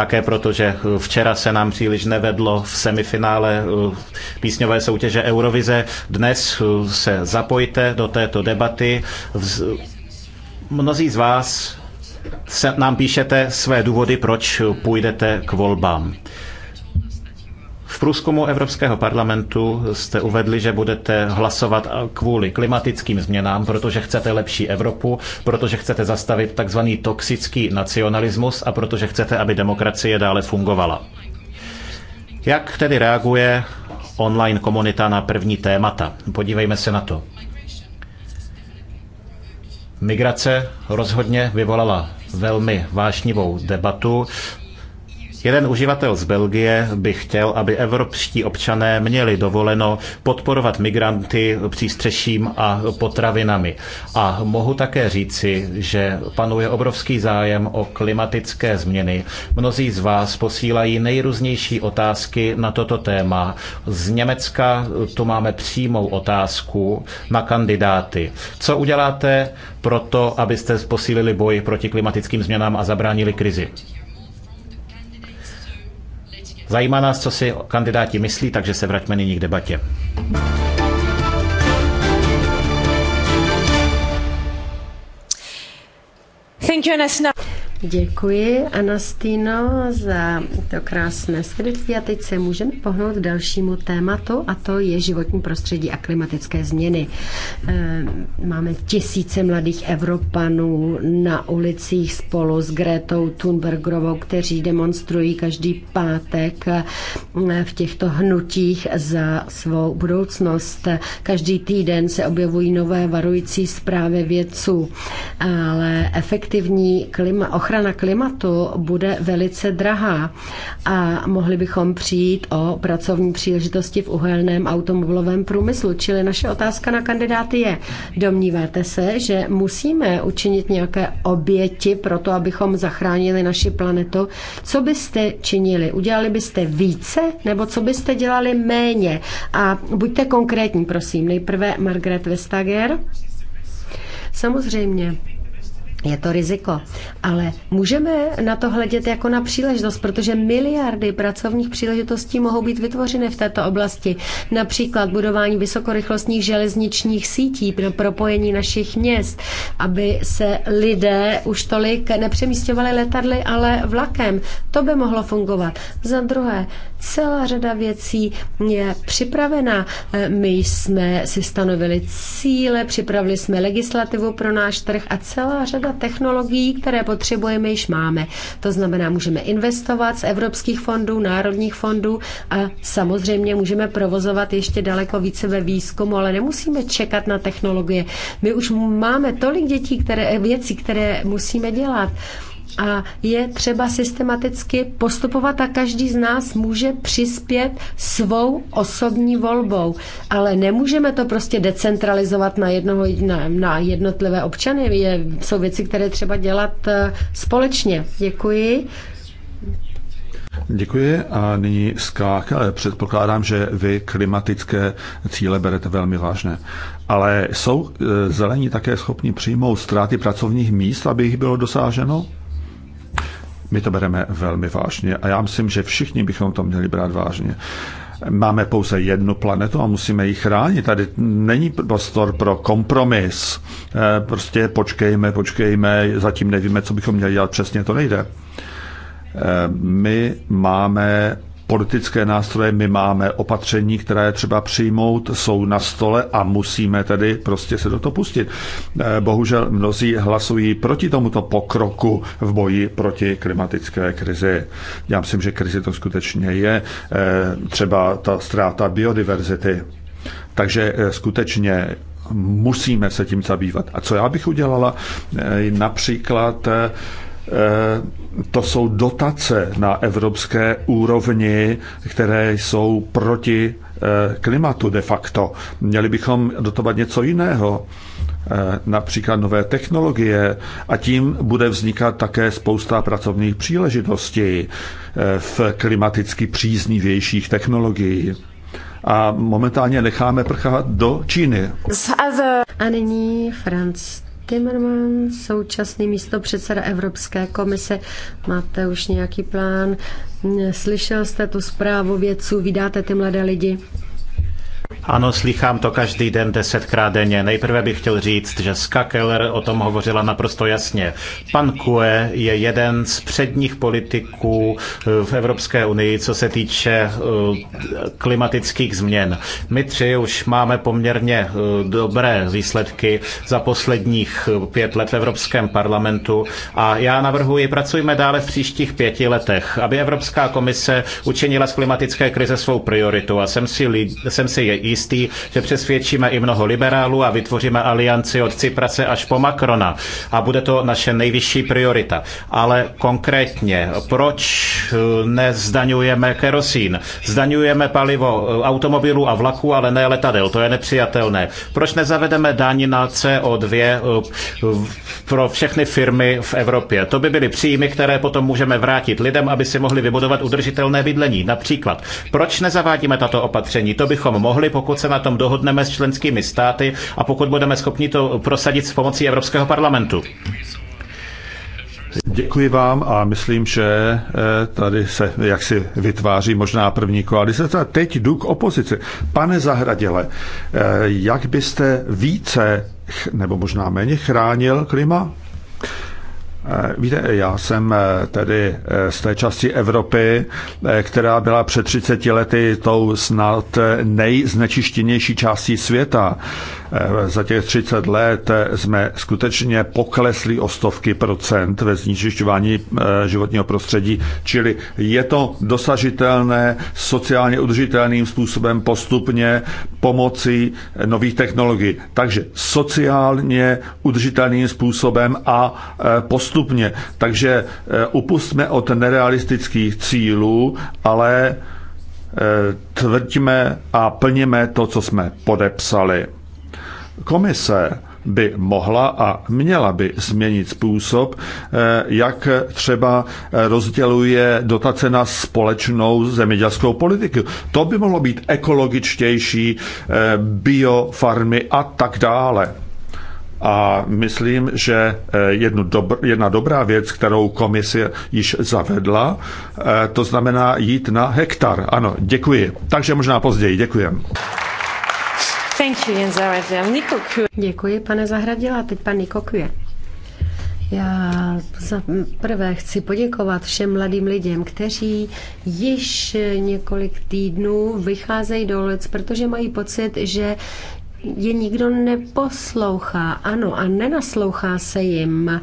Také proto, že eh, včera se nám příliš nevedlo v semifinále eh, písňové soutěže Eurovize. Dnes eh, se zapojte do této debaty. Mnozí z vás se nám píšete své důvody, proč půjdete k volbám. V průzkumu Evropského parlamentu jste uvedli, že budete hlasovat kvůli klimatickým změnám, protože chcete lepší Evropu, protože chcete zastavit takzvaný toxický nacionalismus a protože chcete, aby demokracie dále fungovala. Jak tedy reaguje online komunita na první témata? Podívejme se na to. Migrace rozhodně vyvolala velmi vášnivou debatu. Jeden uživatel z Belgie by chtěl, aby evropští občané měli dovoleno podporovat migranty přístřeším a potravinami. A mohu také říci, že panuje obrovský zájem o klimatické změny. Mnozí z vás posílají nejrůznější otázky na toto téma. Z Německa tu máme přímou otázku na kandidáty. Co uděláte pro to, abyste posílili boj proti klimatickým změnám a zabránili krizi? Zajímá nás, co si kandidáti myslí, takže se vraťme nyní k debatě. Thank you, Děkuji, Anastino, za to krásné svědectví. A teď se můžeme pohnout k dalšímu tématu, a to je životní prostředí a klimatické změny. Eh, máme tisíce mladých Evropanů na ulicích spolu s Gretou Thunbergovou, kteří demonstrují každý pátek eh, v těchto hnutích za svou budoucnost. Každý týden se objevují nové varující zprávy vědců, ale efektivní klima, ochrana ochrana klimatu bude velice drahá a mohli bychom přijít o pracovní příležitosti v uhelném automobilovém průmyslu. Čili naše otázka na kandidáty je, domníváte se, že musíme učinit nějaké oběti pro to, abychom zachránili naši planetu? Co byste činili? Udělali byste více nebo co byste dělali méně? A buďte konkrétní, prosím. Nejprve Margaret Vestager. Samozřejmě. Je to riziko, ale můžeme na to hledět jako na příležitost, protože miliardy pracovních příležitostí mohou být vytvořeny v této oblasti. Například budování vysokorychlostních železničních sítí pro propojení našich měst, aby se lidé už tolik nepřemístěvali letadly, ale vlakem. To by mohlo fungovat. Za druhé, celá řada věcí je připravena. My jsme si stanovili cíle, připravili jsme legislativu pro náš trh a celá řada a technologií, které potřebujeme, již máme. To znamená, můžeme investovat z evropských fondů, národních fondů a samozřejmě můžeme provozovat ještě daleko více ve výzkumu, ale nemusíme čekat na technologie. My už máme tolik dětí, které, věcí, které musíme dělat a je třeba systematicky postupovat a každý z nás může přispět svou osobní volbou. Ale nemůžeme to prostě decentralizovat na, jednoho, na, na jednotlivé občany. Je, jsou věci, které třeba dělat eh, společně. Děkuji. Děkuji a nyní skák. Předpokládám, že vy klimatické cíle berete velmi vážné. Ale jsou eh, zelení také schopni přijmout ztráty pracovních míst, aby jich bylo dosáženo? My to bereme velmi vážně a já myslím, že všichni bychom to měli brát vážně. Máme pouze jednu planetu a musíme ji chránit. Tady není prostor pro kompromis. Eh, prostě počkejme, počkejme, zatím nevíme, co bychom měli dělat, přesně to nejde. Eh, my máme politické nástroje, my máme opatření, která je třeba přijmout, jsou na stole a musíme tedy prostě se do toho pustit. Eh, bohužel mnozí hlasují proti tomuto pokroku v boji proti klimatické krizi. Já myslím, že krizi to skutečně je. Eh, třeba ta ztráta biodiverzity. Takže eh, skutečně musíme se tím zabývat. A co já bych udělala? Například Eh, to jsou dotace na evropské úrovni, které jsou proti eh, klimatu de facto. Měli bychom dotovat něco jiného, eh, například nové technologie a tím bude vznikat také spousta pracovních příležitostí v klimaticky příznivějších technologií a momentálně necháme prchat do Číny. A nyní Franc Timmerman, současný místo předseda Evropské komise. Máte už nějaký plán? Slyšel jste tu zprávu vědců? Vydáte ty mladé lidi? Ano, slychám to každý den desetkrát denně. Nejprve bych chtěl říct, že Ska Keller o tom hovořila naprosto jasně. Pan Kue je jeden z předních politiků eh, v Evropské unii, co se týče eh, klimatických změn. My tři už máme poměrně eh, dobré výsledky za posledních pět let v Evropském parlamentu a já navrhuji, pracujme dále v příštích pěti letech, aby Evropská komise učinila z klimatické krize svou prioritu a jsem si, jsem si je jistý, že přesvědčíme i mnoho liberálů a vytvoříme alianci od Ciprase až po Makrona A bude to naše nejvyšší priorita. Ale konkrétně, proč eh, nezdaňujeme kerosín? Zdaňujeme palivo eh, automobilů a vlaků, ale ne letadel. To je nepřijatelné. Proč nezavedeme daň na CO2 eh, pro všechny firmy v Evropě? To by byly příjmy, které potom můžeme vrátit lidem, aby si mohli vybudovat udržitelné bydlení. Například, proč nezavádíme tato opatření? To bychom mohli pokud se na tom dohodneme s členskými státy a pokud budeme schopni to prosadit s pomocí Evropského parlamentu. Děkuji vám a myslím, že eh, tady se jaksi vytváří možná první koalice. A teď jdu k opozici. Pane Zahraděle, eh, jak byste více nebo možná méně chránil klima? Eh, víte, já jsem eh, tedy eh, z té části Evropy, která byla před 30 lety tou snad nejznečištěnější částí světa. Za těch 30 let jsme skutečně poklesli o stovky procent ve znečišťování životního prostředí, čili je to dosažitelné sociálně udržitelným způsobem postupně pomocí nových technologií. Takže sociálně udržitelným způsobem a postupně postupně. Takže eh, upustme od nerealistických cílů, ale eh, tvrdíme a plníme to, co jsme podepsali. Komise by mohla a měla by změnit způsob, eh, jak třeba rozděluje dotace na společnou zemědělskou politiku. To by mohlo být ekologičtější, biofarmy a tak dále. A myslím, že eh, jednu dobr, jedna dobrá věc, kterou komise již zavedla, eh, to znamená jít na hektar. Ano, děkuji. Takže možná později. Děkujem. Děkuji, pane Zahradila. Teď pan Nikokvě. Já za prvé chci poděkovat všem mladým lidem, kteří již několik týdnů vycházejí do ulic, protože mají pocit, že je nikdo neposlouchá, ano, a nenaslouchá se jim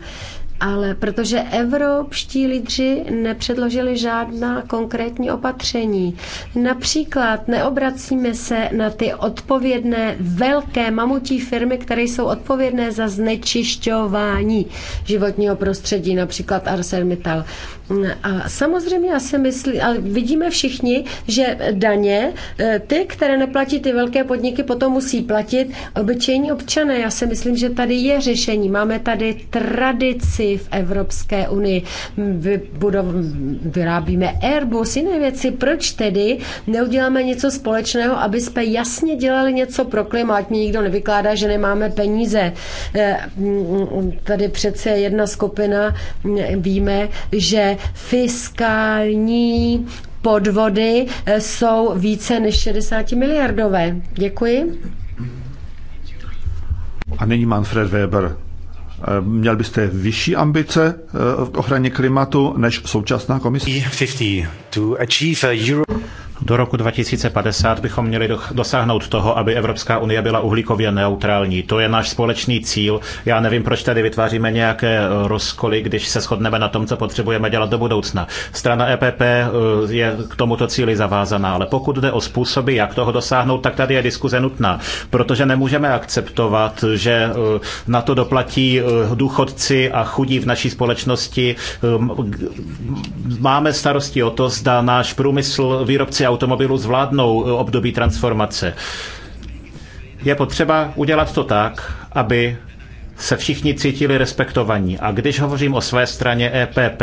ale protože evropští lídři nepředložili žádná konkrétní opatření. Například neobracíme se na ty odpovědné velké mamutí firmy, které jsou odpovědné za znečišťování životního prostředí, například ArcelorMittal. A samozřejmě já si myslím, ale vidíme všichni, že daně, eh, ty, které neplatí ty velké podniky, potom musí platit obyčejní občané. Já si myslím, že tady je řešení. Máme tady tradici v Evropské unii, vyrábíme Airbus, jiné věci. Proč tedy neuděláme něco společného, aby jsme jasně dělali něco pro klima, ať mi nikdo nevykládá, že nemáme peníze. Eh, mm, tady přece jedna skupina mm, víme, že fiskální podvody eh, jsou více než 60 miliardové. Děkuji. A nyní Manfred Weber. Eh, měl byste vyšší ambice eh, v ochraně klimatu než současná komise? Do roku 2050 bychom měli dosáhnout toho, aby Evropská unie byla uhlíkově neutrální. To je náš společný cíl. Já nevím, proč tady vytváříme nějaké eh, rozkoly, když se shodneme na tom, co potřebujeme dělat do budoucna. Strana EPP eh, je k tomuto cíli zavázaná, ale pokud jde o způsoby, jak toho dosáhnout, tak tady je diskuze nutná, protože nemůžeme akceptovat, že eh, na to doplatí důchodci a chudí v naší společnosti. Ehm, máme starosti o to, zda náš průmysl, výrobci Automobilu automobilů zvládnou eh, období transformace. Je potřeba udělat to tak, aby se všichni cítili respektovaní. A když hovořím o své straně EPP,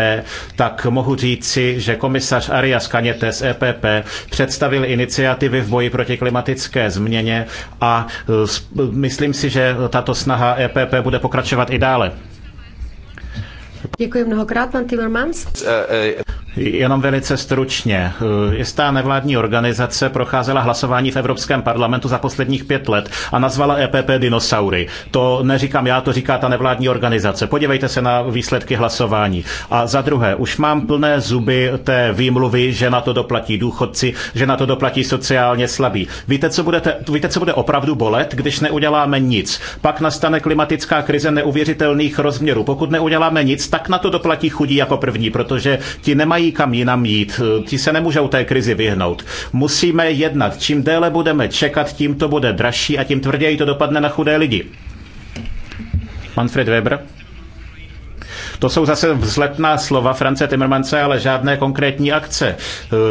tak mohu říci, že komisař Arias Kaněte z EPP představil iniciativy v boji proti klimatické změně a eh, myslím si, že tato snaha EPP bude pokračovat i dále. Děkuji mnohokrát, pan Timmermans. Eh, Jenom velice stručně. Eh, jistá nevládní organizace procházela hlasování v Evropském parlamentu za posledních pět let a nazvala EPP dinosaury. To neříkám já, to říká ta nevládní organizace. Podívejte se na výsledky hlasování. A za druhé, už mám plné zuby té výmluvy, že na to doplatí důchodci, že na to doplatí sociálně slabí. Víte, co, budete, víte, co bude opravdu bolet, když neuděláme nic? Pak nastane klimatická krize neuvěřitelných rozměrů. Pokud neuděláme nic, tak na to doplatí chudí jako první, protože ti nemají nemají kam jinam jít. Ti se nemůžou té krizi vyhnout. Musíme jednat. Čím déle budeme čekat, tím to bude dražší a tím tvrději to dopadne na chudé lidi. Manfred Weber. To jsou zase vzletná slova France Timmermanse, ale žádné konkrétní akce.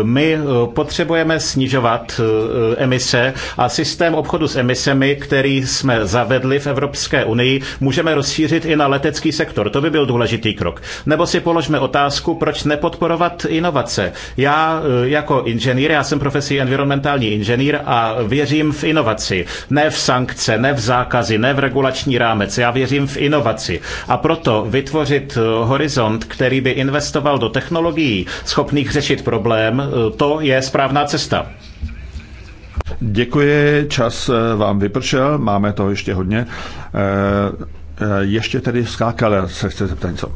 My eh, potřebujeme snižovat eh, emise a systém obchodu s emisemi, který jsme zavedli v Evropské unii, můžeme rozšířit i na letecký sektor. To by byl důležitý krok. Nebo si položme otázku, proč nepodporovat inovace. Já eh, jako inženýr, já jsem profesí environmentální inženýr a věřím v inovaci. Ne v sankce, ne v zákazy, ne v regulační rámec. Já věřím v inovaci. A proto vytvořit Eh, horizont, který by investoval do technologií schopných řešit problém, eh, to je správná cesta. Děkuji, čas eh, vám vypršel, máme toho ještě hodně. Ještě tedy skákal, se chce zeptat něco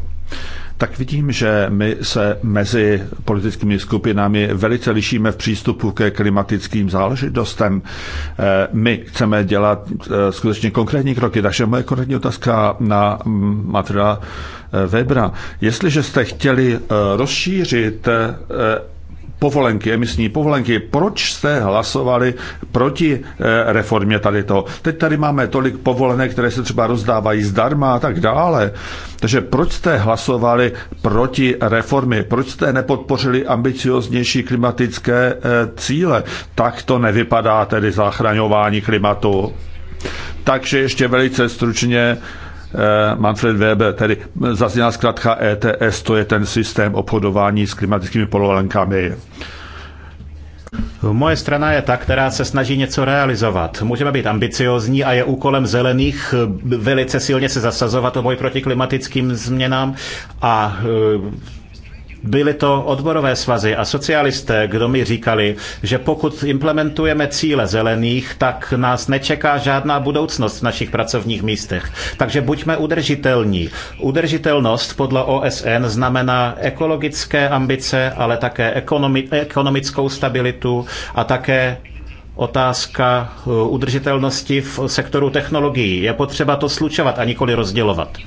tak vidím, že my se mezi politickými skupinami velice lišíme v přístupu ke klimatickým záležitostem. Eh, my chceme dělat eh, skutečně konkrétní kroky, takže moje konkrétní otázka na mm, Matra eh, Webra. Jestliže jste chtěli rozšířit povolenky, emisní povolenky, proč jste hlasovali proti eh, reformě tady toho? Teď tady máme tolik povolenek, které se třeba rozdávají zdarma a tak dále. Takže proč jste hlasovali proti reformě? Proč jste nepodpořili ambicioznější klimatické eh, cíle? Tak to nevypadá tedy zachraňování klimatu. Takže ještě velice stručně Eh, Manfred Weber, tedy zazněla zkrátka ETS, to je ten systém obchodování s klimatickými polovalenkami. Moje strana je ta, která se snaží něco realizovat. Můžeme být ambiciozní a je úkolem zelených eh, velice silně se zasazovat o boj proti klimatickým změnám a eh, Byly to odborové svazy a socialisté, kdo mi říkali, že pokud implementujeme cíle zelených, tak nás nečeká žádná budoucnost v našich pracovních místech. Takže buďme udržitelní. Udržitelnost podle OSN znamená ekologické ambice, ale také ekonomi- ekonomickou stabilitu a také otázka eh, udržitelnosti v sektoru technologií. Je potřeba to slučovat a nikoli rozdělovat.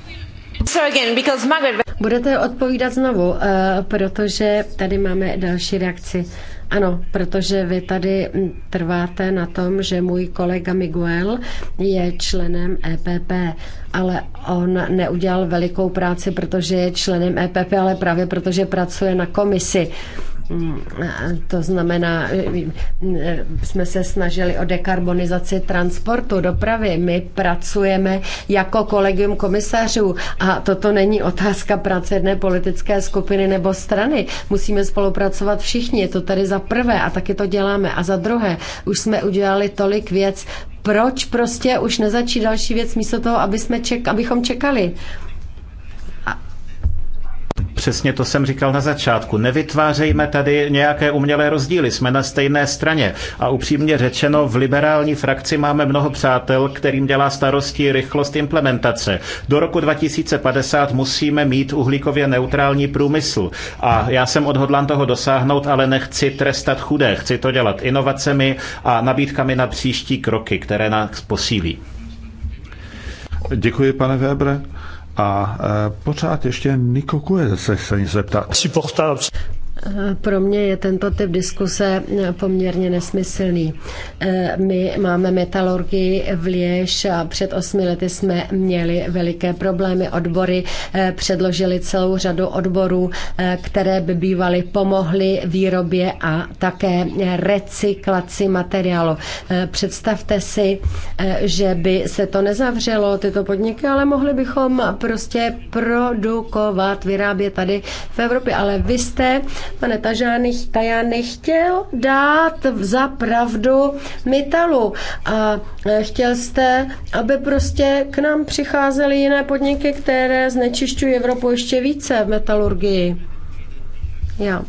Budete odpovídat znovu, eh, protože tady máme další reakci. Ano, protože vy tady hm, trváte na tom, že můj kolega Miguel je členem EPP, ale on neudělal velikou práci, protože je členem EPP, ale právě protože pracuje na komisi. To znamená, jsme se snažili o dekarbonizaci transportu, dopravy. My pracujeme jako kolegium komisařů a toto není otázka práce jedné politické skupiny nebo strany. Musíme spolupracovat všichni. Je to tady za prvé a taky to děláme. A za druhé, už jsme udělali tolik věc, proč prostě už nezačít další věc místo toho, aby jsme ček, abychom čekali. Přesně to jsem říkal na začátku. Nevytvářejme tady nějaké umělé rozdíly, jsme na stejné straně. A upřímně řečeno, v liberální frakci máme mnoho přátel, kterým dělá starosti rychlost implementace. Do roku 2050 musíme mít uhlíkově neutrální průmysl. A já jsem odhodlán toho dosáhnout, ale nechci trestat chudé. Chci to dělat inovacemi a nabídkami na příští kroky, které nás posílí. Děkuji, pane Webre. A eh, pořád ještě Niko Kuje se chce zeptat. Pro mě je tento typ diskuse poměrně nesmyslný. E, my máme metalurgii v Liež a před osmi lety jsme měli veliké problémy. Odbory e, předložili celou řadu odborů, e, které by bývaly pomohly výrobě a také recyklaci materiálu. Představte si, že by se to nezavřelo, tyto podniky, ale mohli bychom prostě produkovat, vyrábět tady v Evropě. Ale vy jste Pane ta já nechtěl dát za pravdu Mitalu a e, chtěl jste, aby prostě k nám přicházely jiné podniky, které znečišťují Evropu ještě více v metalurgii. Já.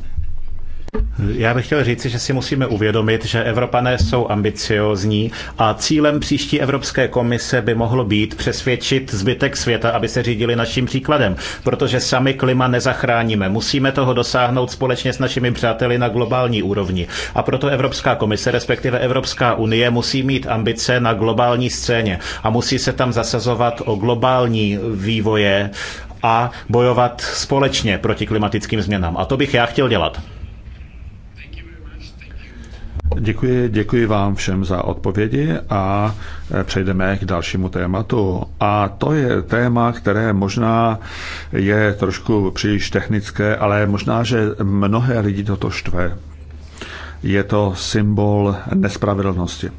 Já bych chtěl říci, že si musíme uvědomit, že Evropané jsou ambiciozní a cílem příští Evropské komise by mohlo být přesvědčit zbytek světa, aby se řídili naším příkladem, protože sami klima nezachráníme. Musíme toho dosáhnout společně s našimi přáteli na globální úrovni. A proto Evropská komise, respektive Evropská unie, musí mít ambice na globální scéně a musí se tam zasazovat o globální vývoje a bojovat společně proti klimatickým změnám. A to bych já chtěl dělat. Děkuji, děkuji vám všem za odpovědi a eh, přejdeme k dalšímu tématu. A to je téma, které možná je trošku příliš technické, ale možná, že mnohé lidi toto štve. Je to symbol nespravedlnosti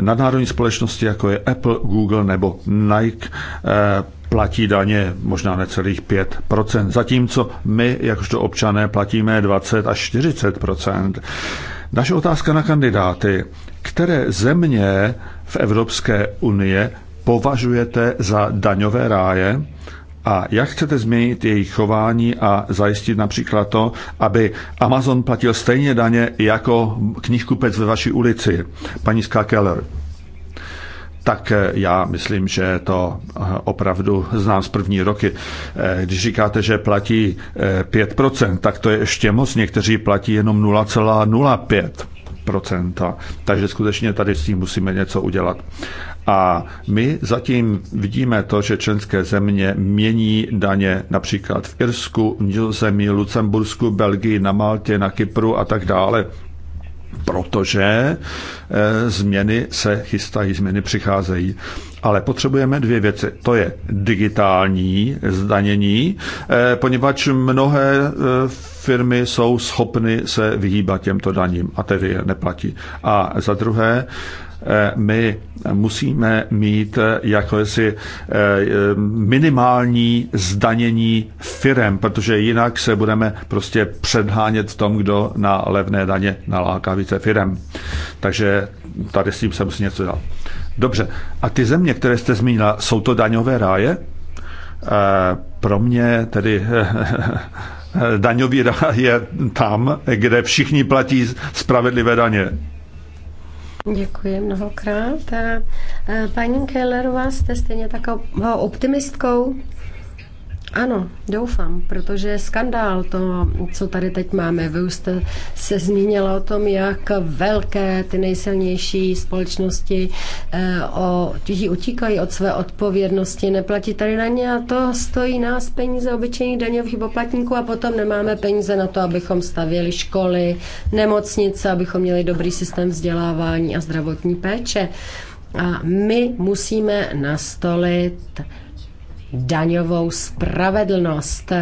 nadnárodní společnosti, jako je Apple, Google nebo Nike, eh, platí daně možná necelých 5%, zatímco my, jakožto občané, platíme 20 až 40%. Naše otázka na kandidáty. Které země v Evropské unie považujete za daňové ráje a jak chcete změnit jejich chování a zajistit například to, aby Amazon platil stejně daně jako knihkupec ve vaší ulici, paní Keller? tak eh, já myslím, že to eh, opravdu znám z první roky. Eh, když říkáte, že platí 5%, tak to je ještě moc. Někteří platí jenom 0,05% procenta. Takže skutečně tady s tím musíme něco udělat. A my zatím vidíme to, že členské země mění daně například v Irsku, Nizozemí, Lucembursku, Belgii, na Maltě, na Kypru a tak dále protože eh, změny se chystají, změny přicházejí. Ale potřebujeme dvě věci. To je digitální zdanění, eh, poněvadž mnohé eh, firmy jsou schopny se vyhýbat těmto daním a tedy je neplatí. A za druhé, Eh, my musíme mít jakési eh, minimální zdanění firem, protože jinak se budeme prostě předhánět v tom, kdo na levné daně naláká více firem. Takže tady s tím se musí něco dělat. Dobře, a ty země, které jste zmínila, jsou to daňové ráje? Eh, pro mě tedy daňový ráje je tam, kde všichni platí spravedlivé daně. Děkuji mnohokrát. Paní Kellerová, jste stejně takovou optimistkou? Ano, doufám, protože skandál to, co tady teď máme, vy už jste se zmínila o tom, jak velké ty nejsilnější společnosti eh, o, utíkají od své odpovědnosti, neplatí tady ně a to stojí nás peníze obyčejných daňových poplatníků a potom nemáme peníze na to, abychom stavěli školy, nemocnice, abychom měli dobrý systém vzdělávání a zdravotní péče. A my musíme nastolit daňovou spravedlnost.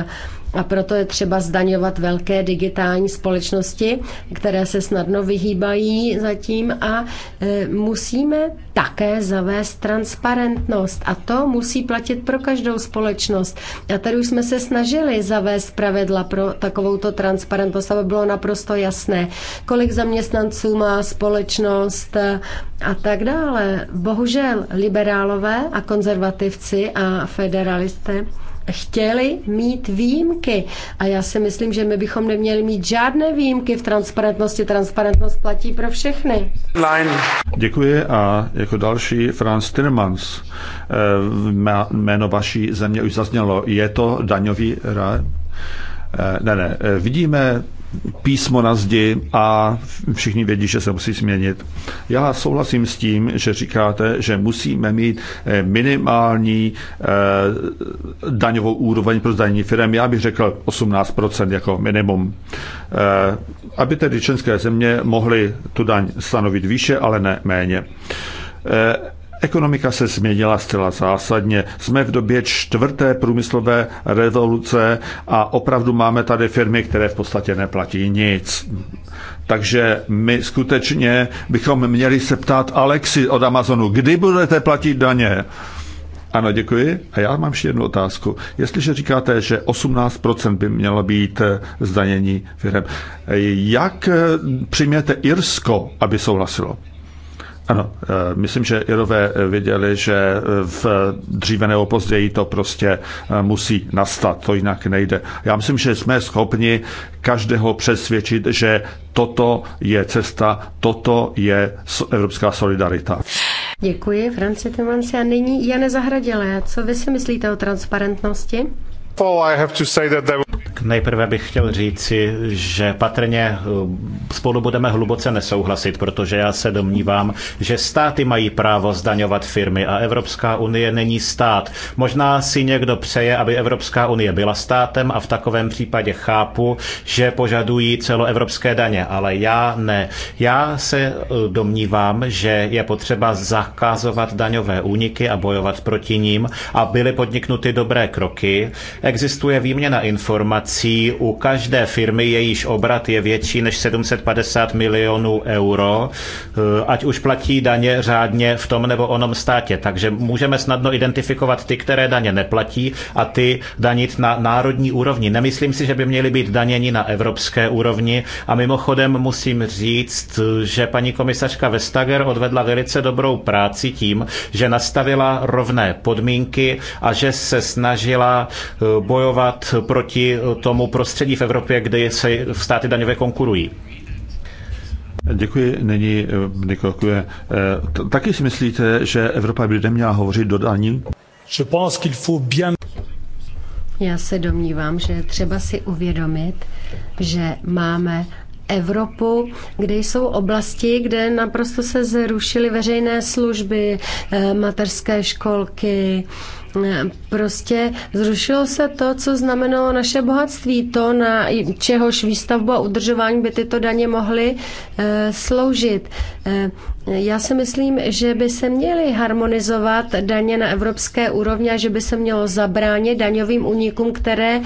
A proto je třeba zdaňovat velké digitální společnosti, které se snadno vyhýbají zatím a e, musíme také zavést transparentnost a to musí platit pro každou společnost. A tady už jsme se snažili zavést pravidla pro takovouto transparentnost, aby bylo naprosto jasné, kolik zaměstnanců má společnost e, a tak dále. Bohužel liberálové a konzervativci a federalisté chtěli mít výjimky. A já si myslím, že my bychom neměli mít žádné výjimky v transparentnosti. Transparentnost platí pro všechny. Line. Děkuji a jako další Franz Timmermans. Eh, jméno vaší země už zaznělo. Je to daňový rád? Eh, ne, ne. Eh, vidíme písmo na zdi a všichni vědí, že se musí změnit. Já souhlasím s tím, že říkáte, že musíme mít eh, minimální eh, daňovou úroveň pro zdanění firm. Já bych řekl 18% jako minimum. Eh, aby tedy členské země mohly tu daň stanovit výše, ale ne méně. Ekonomika se změnila zcela zásadně. Jsme v době čtvrté průmyslové revoluce a opravdu máme tady firmy, které v podstatě neplatí nic. Takže my skutečně bychom měli se ptát Alexi od Amazonu, kdy budete platit daně? Ano, děkuji. A já mám ještě jednu otázku. Jestliže říkáte, že 18% by mělo být zdanění firm, jak přiměte Irsko, aby souhlasilo? Ano, eh, myslím, že Irové eh, věděli, že eh, v dříve nebo později to prostě musí nastat, to jinak nejde. Já myslím, že jsme schopni každého přesvědčit, že toto je cesta, toto je evropská solidarita. Děkuji, Franci Temanci. A nyní Jane Zahradilé, co vy si myslíte o transparentnosti? Tak nejprve bych chtěl říci, že patrně eh, spolu budeme hluboce nesouhlasit, protože já se domnívám, že státy mají právo zdaňovat firmy a Evropská unie není stát. Možná si někdo přeje, aby Evropská unie byla státem a v takovém případě chápu, že požadují celoevropské daně, ale já ne. Já se eh, domnívám, že je potřeba zakázovat daňové úniky a bojovat proti ním a byly podniknuty dobré kroky, Existuje výměna informací u každé firmy, jejíž obrat je větší než 750 milionů euro, eh, ať už platí daně řádně v tom nebo onom státě. Takže můžeme snadno identifikovat ty, které daně neplatí a ty danit na národní úrovni. Nemyslím si, že by měly být daněni na evropské úrovni. A mimochodem musím říct, že paní komisařka Vestager odvedla velice dobrou práci tím, že nastavila rovné podmínky a že se snažila eh, bojovat proti tomu prostředí v Evropě, kde se státy daňově konkurují. Děkuji, není eh, Nikolkuje. Eh, taky si myslíte, že Evropa by neměla hovořit do daní? Já se domnívám, že třeba si uvědomit, že máme Evropu, kde jsou oblasti, kde naprosto se zrušily veřejné služby, eh, mateřské školky, Prostě zrušilo se to, co znamenalo naše bohatství, to, na čehož výstavbu a udržování by tyto daně mohly e, sloužit. E, já si myslím, že by se měly harmonizovat daně na evropské úrovni a že by se mělo zabránit daňovým únikům, které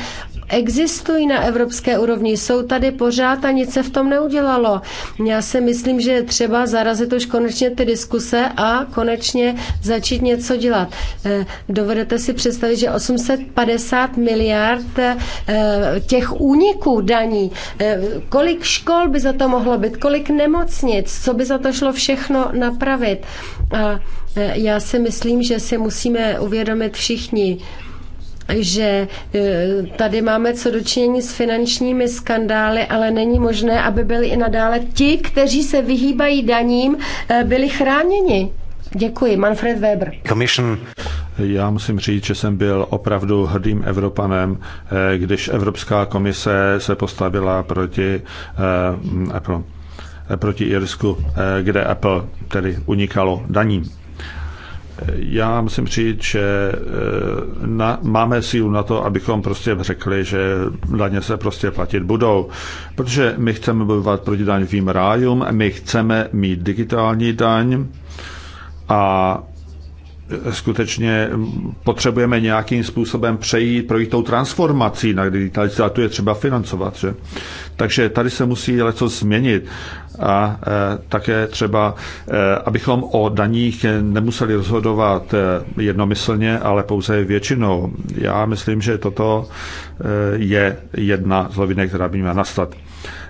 existují na evropské úrovni, jsou tady pořád a nic se v tom neudělalo. Já si myslím, že je třeba zarazit už konečně ty diskuse a konečně začít něco dělat. Eh, dovedete si představit, že 850 miliard eh, těch úniků daní, eh, kolik škol by za to mohlo být, kolik nemocnic, co by za to šlo všechno napravit. A já si myslím, že si musíme uvědomit všichni, že e, tady máme co dočinění s finančními skandály, ale není možné, aby byli i nadále ti, kteří se vyhýbají daním, e, byli chráněni. Děkuji. Manfred Weber. Commission. Já musím říct, že jsem byl opravdu hrdým Evropanem, e, když Evropská komise se postavila proti Apple, proti Irsku, kde Apple tedy unikalo daním já musím říct, že eh, na, máme sílu na to, abychom prostě řekli, že daně se prostě platit budou. Protože my chceme bojovat proti daňovým rájům, my chceme mít digitální daň a skutečně potřebujeme nějakým způsobem přejít, projít tou transformací na digitalizaci, je třeba financovat. Že? Takže tady se musí něco změnit a e, také třeba, e, abychom o daních nemuseli rozhodovat e, jednomyslně, ale pouze většinou. Já myslím, že toto e, je jedna z lovinek, která by měla nastat.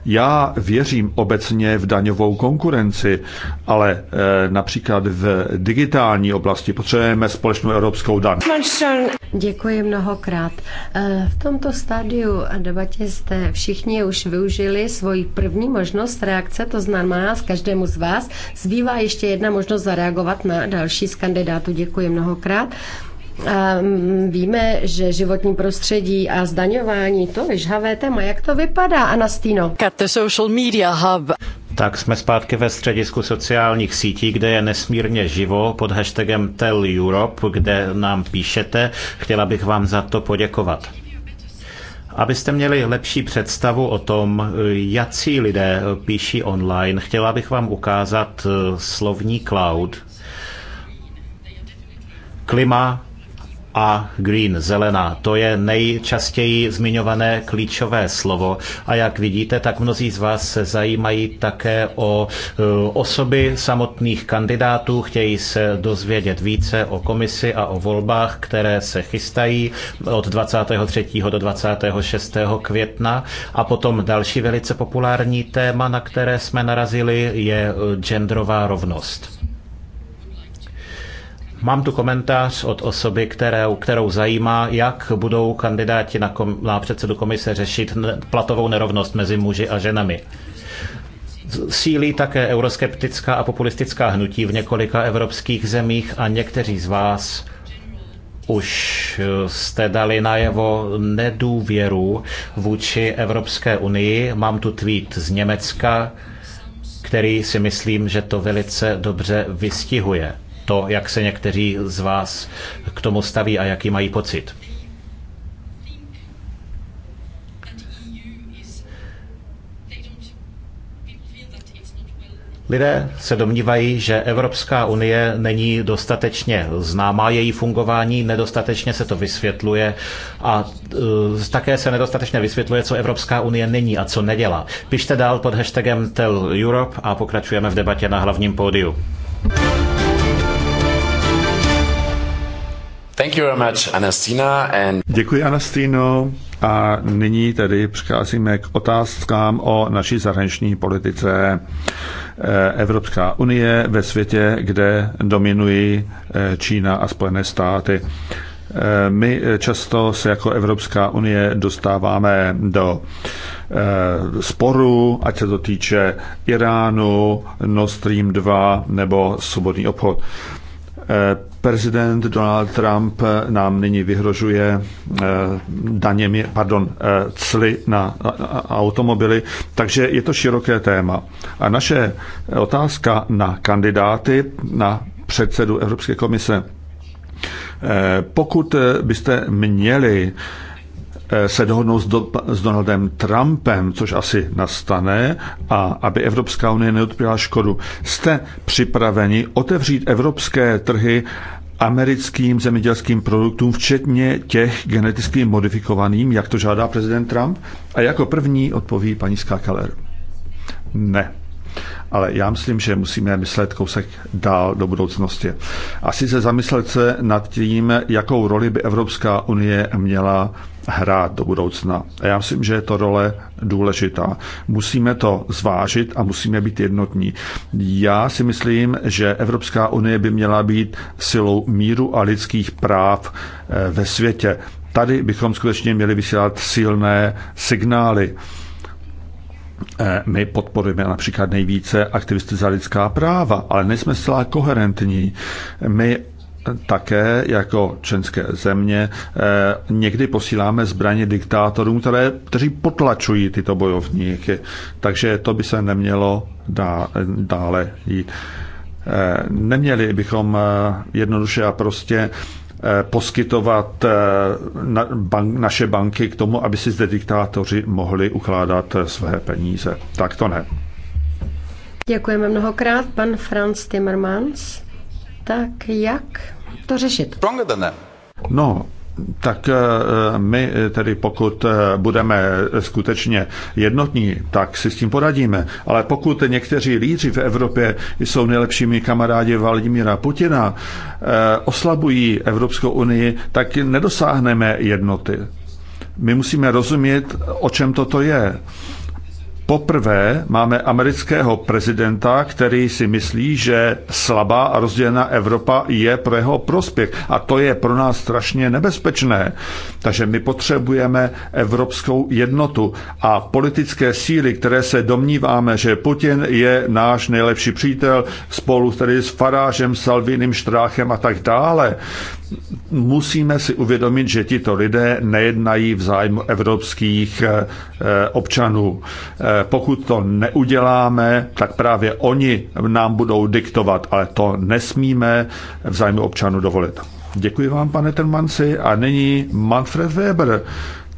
Já věřím obecně v daňovou konkurenci, ale eh, například v digitální oblasti potřebujeme společnou evropskou daň. Děkuji mnohokrát. Eh, v tomto stádiu debatě jste všichni už využili svoji první možnost reakce, to znamená z každému z vás. Zbývá ještě jedna možnost zareagovat na další z kandidátů. Děkuji mnohokrát. Mm, víme, že životní prostředí a zdaňování, to je žhavé téma. Jak to vypadá, Anastino? Cut the social media hub. Tak jsme zpátky ve středisku sociálních sítí, kde je nesmírně živo pod hashtagem Tell Europe, kde nám píšete. Chtěla bych vám za to poděkovat. Abyste měli lepší představu o tom, jací lidé píší online, chtěla bych vám ukázat eh, slovní cloud. Klima, a green, zelená. To je nejčastěji zmiňované klíčové slovo. A jak vidíte, tak mnozí z vás se zajímají také o eh, osoby samotných kandidátů, chtějí se dozvědět více o komisi a o volbách, které se chystají od 23. do 26. května. A potom další velice populární téma, na které jsme narazili, je eh, genderová rovnost. Mám tu komentář od osoby, kterou, kterou zajímá, jak budou kandidáti na, kom, na předsedu komise řešit platovou nerovnost mezi muži a ženami. Sílí také euroskeptická a populistická hnutí v několika evropských zemích a někteří z vás už jste dali najevo nedůvěru vůči Evropské unii. Mám tu tweet z Německa, který si myslím, že to velice dobře vystihuje to, jak se někteří z vás k tomu staví a jaký mají pocit. Lidé se domnívají, že Evropská unie není dostatečně známá její fungování, nedostatečně se to vysvětluje a uh, také se nedostatečně vysvětluje, co Evropská unie není a co nedělá. Pište dál pod hashtagem Tell Europe a pokračujeme v debatě na hlavním pódiu. Thank you very much, Anastina. And... Děkuji, Anastino. A nyní tedy přicházíme k otázkám o naší zahraniční politice. Eh, Evropská unie ve světě, kde dominují eh, Čína a Spojené státy. Eh, my často se jako Evropská unie dostáváme do sporu, ať se to týče Iránu, Nord Stream 2 nebo svobodný obchod prezident Donald Trump nám nyní vyhrožuje eh, daněmi, pardon, eh, cly na automobily, takže je to široké téma. A naše otázka na kandidáty, na předsedu Evropské komise, eh, pokud byste měli Eh, se dohodnout s, Do- s Donaldem Trumpem, což asi nastane, a aby Evropská unie neodpěla škodu. Jste připraveni otevřít evropské trhy americkým zemědělským produktům, včetně těch geneticky modifikovaným, jak to žádá prezident Trump? A jako první odpoví paní Skákeler. Ne. Ale já myslím, že musíme myslet kousek dál do budoucnosti. Asi se zamyslet se nad tím, jakou roli by Evropská unie měla hrát do budoucna. A já myslím, že je to role důležitá. Musíme to zvážit a musíme být jednotní. Já si myslím, že Evropská unie by měla být silou míru a lidských práv eh, ve světě. Tady bychom skutečně měli vysílat silné signály. Eh, my podporujeme například nejvíce aktivisty za lidská práva, ale nejsme zcela koherentní. My také jako členské země eh, někdy posíláme zbraně diktátorům, které, kteří potlačují tyto bojovníky. Takže to by se nemělo dá, dále jít. Eh, neměli bychom eh, jednoduše a prostě poskytovat naše banky k tomu, aby si zde diktátoři mohli ukládat své peníze. Tak to ne. Děkujeme mnohokrát, pan Franz Timmermans tak jak to řešit? No, tak eh, my tedy pokud eh, budeme skutečně jednotní, tak si s tím poradíme. Ale pokud někteří lídři v Evropě jsou nejlepšími kamarádi Vladimíra Putina, eh, oslabují Evropskou unii, tak nedosáhneme jednoty. My musíme rozumět, o čem toto je. Poprvé máme amerického prezidenta, který si myslí, že slabá a rozdělená Evropa je pro jeho prospěch. A to je pro nás strašně nebezpečné. Takže my potřebujeme evropskou jednotu a politické síly, které se domníváme, že Putin je náš nejlepší přítel spolu tedy s Farážem, Salvinem, Štráchem a tak dále musíme si uvědomit, že tito lidé nejednají v zájmu evropských eh, občanů. Eh, pokud to neuděláme, tak právě oni nám budou diktovat, ale to nesmíme v zájmu občanů dovolit. Děkuji vám, pane Termanci. A nyní Manfred Weber,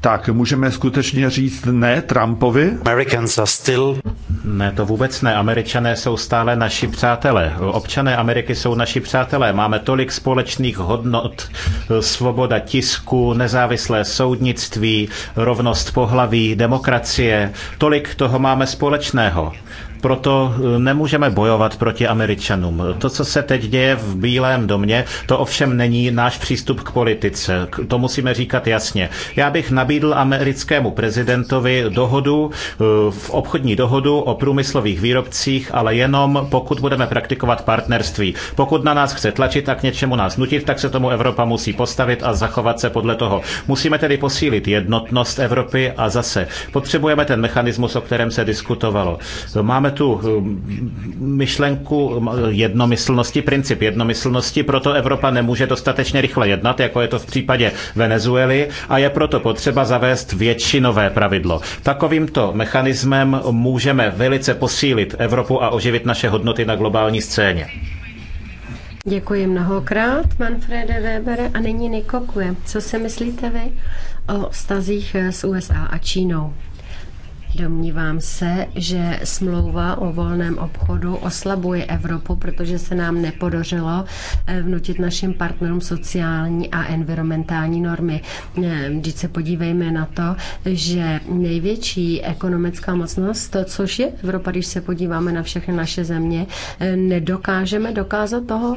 tak můžeme skutečně říct ne Trumpovi? Americans are still... Ne, to vůbec ne. Američané jsou stále naši přátelé. Občané Ameriky jsou naši přátelé. Máme tolik společných hodnot. Svoboda tisku, nezávislé soudnictví, rovnost pohlaví, demokracie. Tolik toho máme společného. Proto eh, nemůžeme bojovat proti Američanům. To, co se teď děje v Bílém domě, to ovšem není náš přístup k politice. To musíme říkat jasně. Já bych nabídl americkému prezidentovi dohodu, eh, v obchodní dohodu o průmyslových výrobcích, ale jenom pokud budeme praktikovat partnerství. Pokud na nás chce tlačit a k něčemu nás nutit, tak se tomu Evropa musí postavit a zachovat se podle toho. Musíme tedy posílit jednotnost Evropy a zase potřebujeme ten mechanismus, o kterém se diskutovalo. Máme máme tu eh, myšlenku eh, jednomyslnosti, princip jednomyslnosti, proto Evropa nemůže dostatečně rychle jednat, jako je to v případě Venezuely, a je proto potřeba zavést většinové pravidlo. Takovýmto mechanismem můžeme velice posílit Evropu a oživit naše hodnoty na globální scéně. Děkuji mnohokrát, Manfrede Weber A nyní Nikokuje. Co si myslíte vy o stazích s USA a Čínou? Domnívám se, že smlouva o volném obchodu oslabuje Evropu, protože se nám nepodařilo eh, vnutit našim partnerům sociální a environmentální normy. Vždyť eh, se podívejme na to, že největší ekonomická mocnost, to, což je Evropa, když se podíváme na všechny naše země, eh, nedokážeme dokázat toho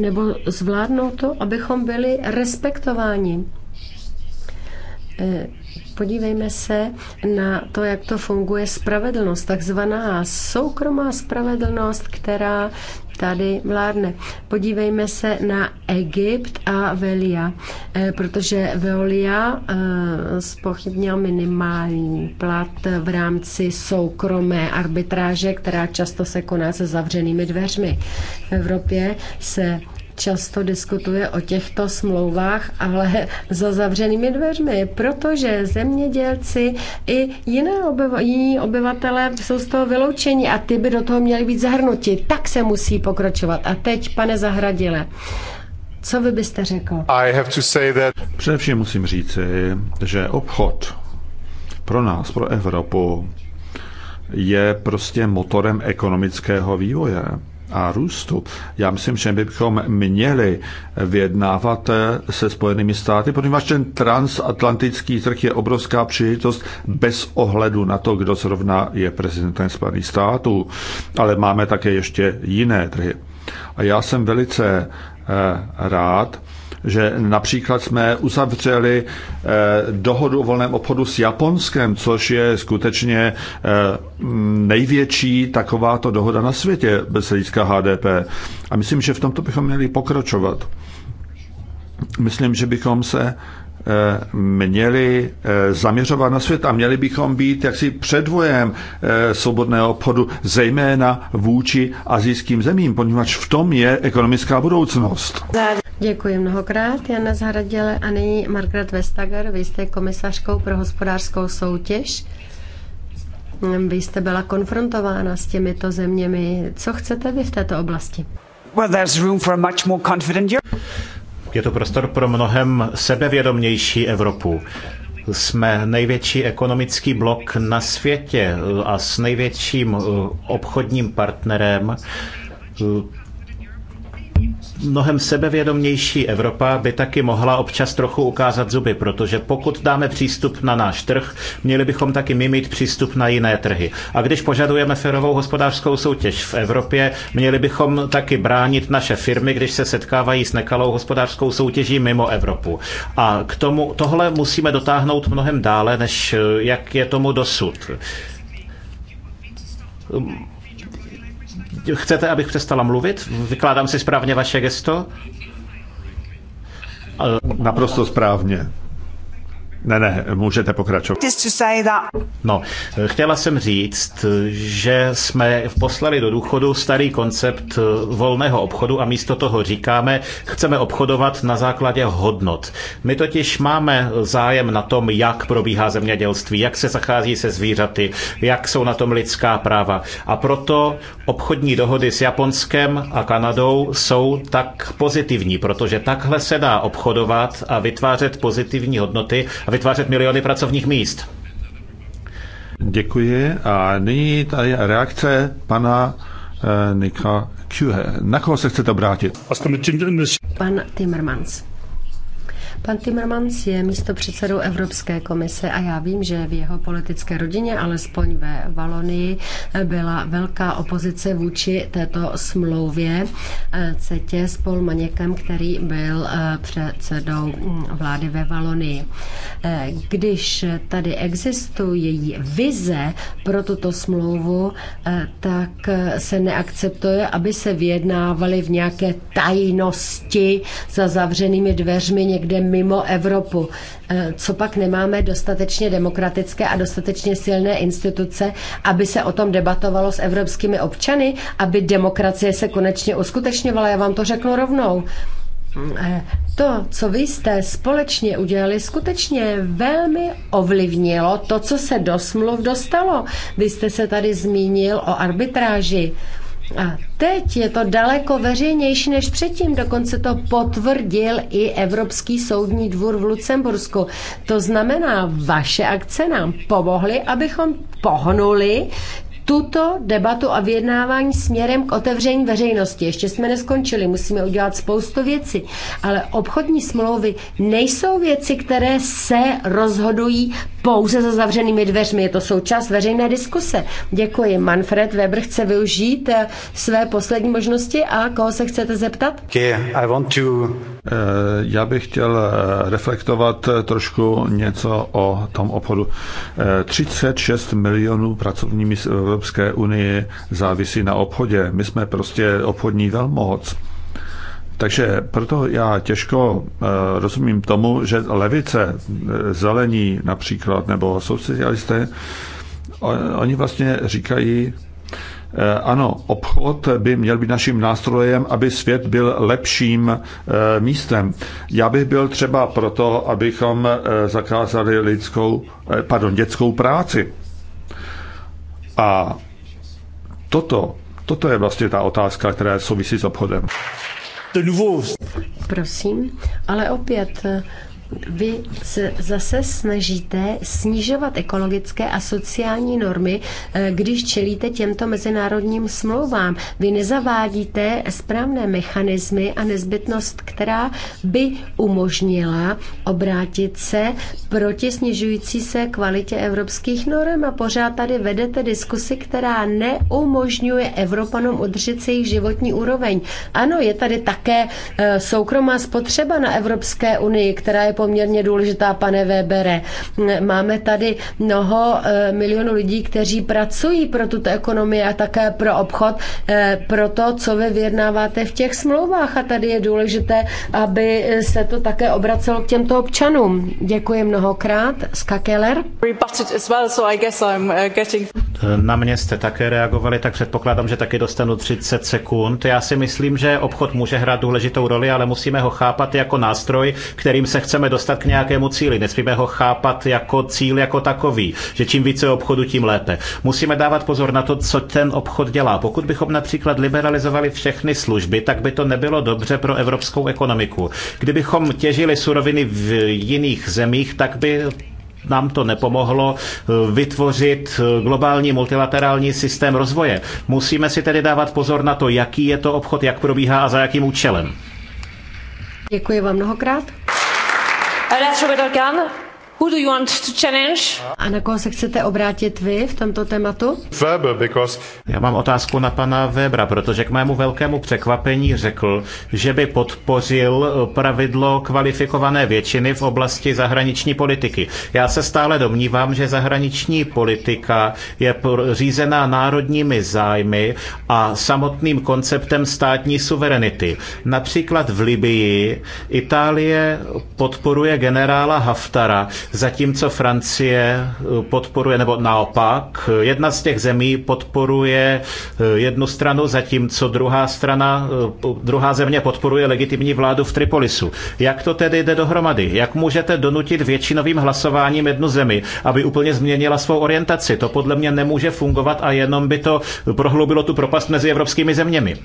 nebo zvládnout to, abychom byli respektováni. Eh, podívejme se na to, jak to funguje spravedlnost, takzvaná soukromá spravedlnost, která tady vládne. Podívejme se na Egypt a Velia, eh, protože Veolia spochybnil eh, minimální plat v rámci soukromé arbitráže, která často se koná se zavřenými dveřmi. V Evropě se často diskutuje o těchto smlouvách, ale za zavřenými dveřmi, protože zemědělci i jiné obyva, jiní obyvatele jsou z toho vyloučeni a ty by do toho měli být zahrnuti. Tak se musí pokračovat. A teď, pane Zahradile, co vy byste řekl? I have to say that... Především musím říci, že obchod pro nás, pro Evropu, je prostě motorem ekonomického vývoje a růstu. Já myslím, že my bychom měli vyjednávat eh, se Spojenými státy, Protože ten transatlantický trh je obrovská příležitost bez ohledu na to, kdo zrovna je prezidentem Spojených států. Ale máme také ještě jiné trhy. A já jsem velice Eh, rád, že například jsme uzavřeli eh, dohodu o volném obchodu s Japonskem, což je skutečně eh, největší takováto dohoda na světě bez hlediska HDP. A myslím, že v tomto bychom měli pokračovat. Myslím, že bychom se Eh, měli eh, zaměřovat na svět a měli bychom být jaksi předvojem eh, svobodného obchodu, zejména vůči azijským zemím, poněvadž v tom je ekonomická budoucnost. Děkuji mnohokrát, Jana Zahraděle. A nyní Margaret Vestager, vy jste komisařkou pro hospodářskou soutěž. Vy jste byla konfrontována s těmito zeměmi. Co chcete vy v této oblasti? Well, there's room for a much more confident je to prostor pro mnohem sebevědomější Evropu. Jsme největší ekonomický blok na světě a s největším eh, obchodním partnerem eh, mnohem sebevědomější Evropa by taky mohla občas trochu ukázat zuby, protože pokud dáme přístup na náš trh, měli bychom taky my mít přístup na jiné trhy. A když požadujeme ferovou hospodářskou soutěž v Evropě, měli bychom taky bránit naše firmy, když se setkávají s nekalou hospodářskou soutěží mimo Evropu. A k tomu tohle musíme dotáhnout mnohem dále, než eh, jak je tomu dosud Chcete, abych přestala mluvit? Vykládám si správně vaše gesto? Naprosto správně. Ne, ne, můžete pokračovat. No, chtěla jsem říct, že jsme poslali do důchodu starý koncept eh, volného obchodu a místo toho říkáme, chceme obchodovat na základě hodnot. My totiž máme zájem na tom, jak probíhá zemědělství, jak se zachází se zvířaty, jak jsou na tom lidská práva. A proto obchodní dohody s Japonskem a Kanadou jsou tak pozitivní, protože takhle se dá obchodovat a vytvářet pozitivní hodnoty a vytvářet miliony pracovních míst. Děkuji. A nyní tady reakce pana eh, Nika Kuhe. Na koho se chcete obrátit? Pan Timmermans. Pan Timmermans je místo předsedou Evropské komise a já vím, že v jeho politické rodině, alespoň ve Valonii, byla velká opozice vůči této smlouvě eh, CETě s Paul Maněkem, který byl eh, předsedou hm, vlády ve Valonii. Eh, když tady existuje vize pro tuto smlouvu, tak se neakceptuje, aby se vyjednávaly v nějaké tajnosti za zavřenými dveřmi někde mimo Evropu. E, co pak nemáme dostatečně demokratické a dostatečně silné instituce, aby se o tom debatovalo s evropskými občany, aby demokracie se konečně uskutečňovala. Já vám to řeknu rovnou. E, to, co vy jste společně udělali, skutečně velmi ovlivnilo to, co se do smluv dostalo. Vy jste se tady zmínil o arbitráži. A teď je to daleko veřejnější než předtím. Dokonce to potvrdil i Evropský soudní dvůr v Lucembursku. To znamená, vaše akce nám pomohly, abychom pohnuli tuto debatu a vyjednávání směrem k otevření veřejnosti. Ještě jsme neskončili, musíme udělat spoustu věcí, ale obchodní smlouvy nejsou věci, které se rozhodují pouze za zavřenými dveřmi. Je to součást veřejné diskuse. Děkuji. Manfred Weber chce využít eh, své poslední možnosti a koho se chcete zeptat? Okay, I want to Eh, já bych chtěl eh, reflektovat eh, trošku něco o tom obchodu. 36 milionů pracovní míst v Evropské unii závisí na obchodě. My jsme prostě obchodní velmoc. Takže proto já těžko rozumím tomu, že levice, zelení například, nebo socialisté, oni vlastně říkají, Eh, ano, obchod by měl být naším nástrojem, aby svět byl lepším eh, místem. Já bych byl třeba proto, abychom eh, zakázali lidskou, pardon, dětskou práci. A toto, toto je vlastně ta otázka, která souvisí s obchodem. Prosím, ale opět vy se zase snažíte snižovat ekologické a sociální normy, eh, když čelíte těmto mezinárodním smlouvám. Vy nezavádíte správné mechanismy a nezbytnost, která by umožnila obrátit se proti snižující se kvalitě evropských norm a pořád tady vedete diskusi, která neumožňuje Evropanům udržet se jejich životní úroveň. Ano, je tady také eh, soukromá spotřeba na Evropské unii, která je poměrně důležitá, pane Webere. Máme tady mnoho eh, milionů lidí, kteří pracují pro tuto ekonomii a také pro obchod, eh, pro to, co vy vyjednáváte v těch smlouvách. A tady je důležité, aby eh, se to také obracelo k těmto občanům. Děkuji mnohokrát. Skakeler. Na mě jste také reagovali, tak předpokládám, že taky dostanu 30 sekund. Já si myslím, že obchod může hrát důležitou roli, ale musíme ho chápat jako nástroj, kterým se chceme chceme dostat k nějakému cíli. Nesmíme ho chápat jako cíl jako takový, že čím více obchodu, tím lépe. Musíme dávat pozor na to, co ten obchod dělá. Pokud bychom například liberalizovali všechny služby, tak by to nebylo dobře pro evropskou ekonomiku. Kdybychom těžili suroviny v jiných zemích, tak by nám to nepomohlo eh, vytvořit eh, globální multilaterální systém rozvoje. Musíme si tedy dávat pozor na to, jaký je to obchod, jak probíhá a za jakým účelem. Děkuji vám mnohokrát. Är det rätt Robert Orkan? Who do you want to challenge? A na koho se chcete obrátit vy v tomto tématu? Weber, because... Já mám otázku na pana Webera, protože k mému velkému překvapení řekl, že by podpořil pravidlo kvalifikované většiny v oblasti zahraniční politiky. Já se stále domnívám, že zahraniční politika je řízená národními zájmy a samotným konceptem státní suverenity. Například v Libii Itálie podporuje generála Haftara, zatímco Francie eh, podporuje, nebo naopak, eh, jedna z těch zemí podporuje eh, jednu stranu, zatímco druhá strana, druhá země podporuje legitimní vládu v Tripolisu. Jak to tedy jde dohromady? Jak můžete donutit většinovým hlasováním jednu zemi, aby úplně změnila svou orientaci? To podle mě nemůže fungovat a jenom by to prohloubilo tu propast mezi evropskými zeměmi.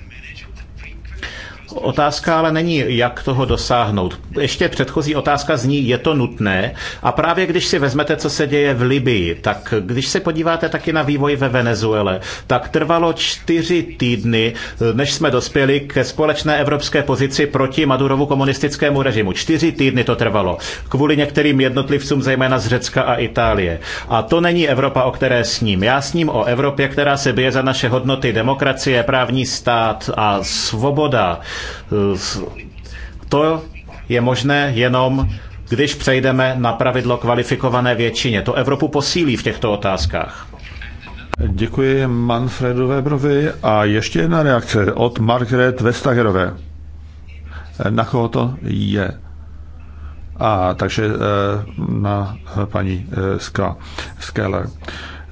Otázka ale není, jak toho dosáhnout. Ještě předchozí otázka zní, je to nutné. A právě když si vezmete, co se děje v Libii, tak když se podíváte taky na vývoj ve Venezuele, tak trvalo čtyři týdny, než jsme dospěli ke společné evropské pozici proti Madurovu komunistickému režimu. Čtyři týdny to trvalo. Kvůli některým jednotlivcům, zejména z Řecka a Itálie. A to není Evropa, o které sním. Já sním o Evropě, která se bije za naše hodnoty demokracie, právní stát a svoboda. Eh, to je možné jenom, když přejdeme na pravidlo kvalifikované většině. To Evropu posílí v těchto otázkách. Děkuji Manfredu Weberovi a ještě jedna reakce od Margaret Vestagerové. Eh, na koho to je? A takže eh, na paní Ska,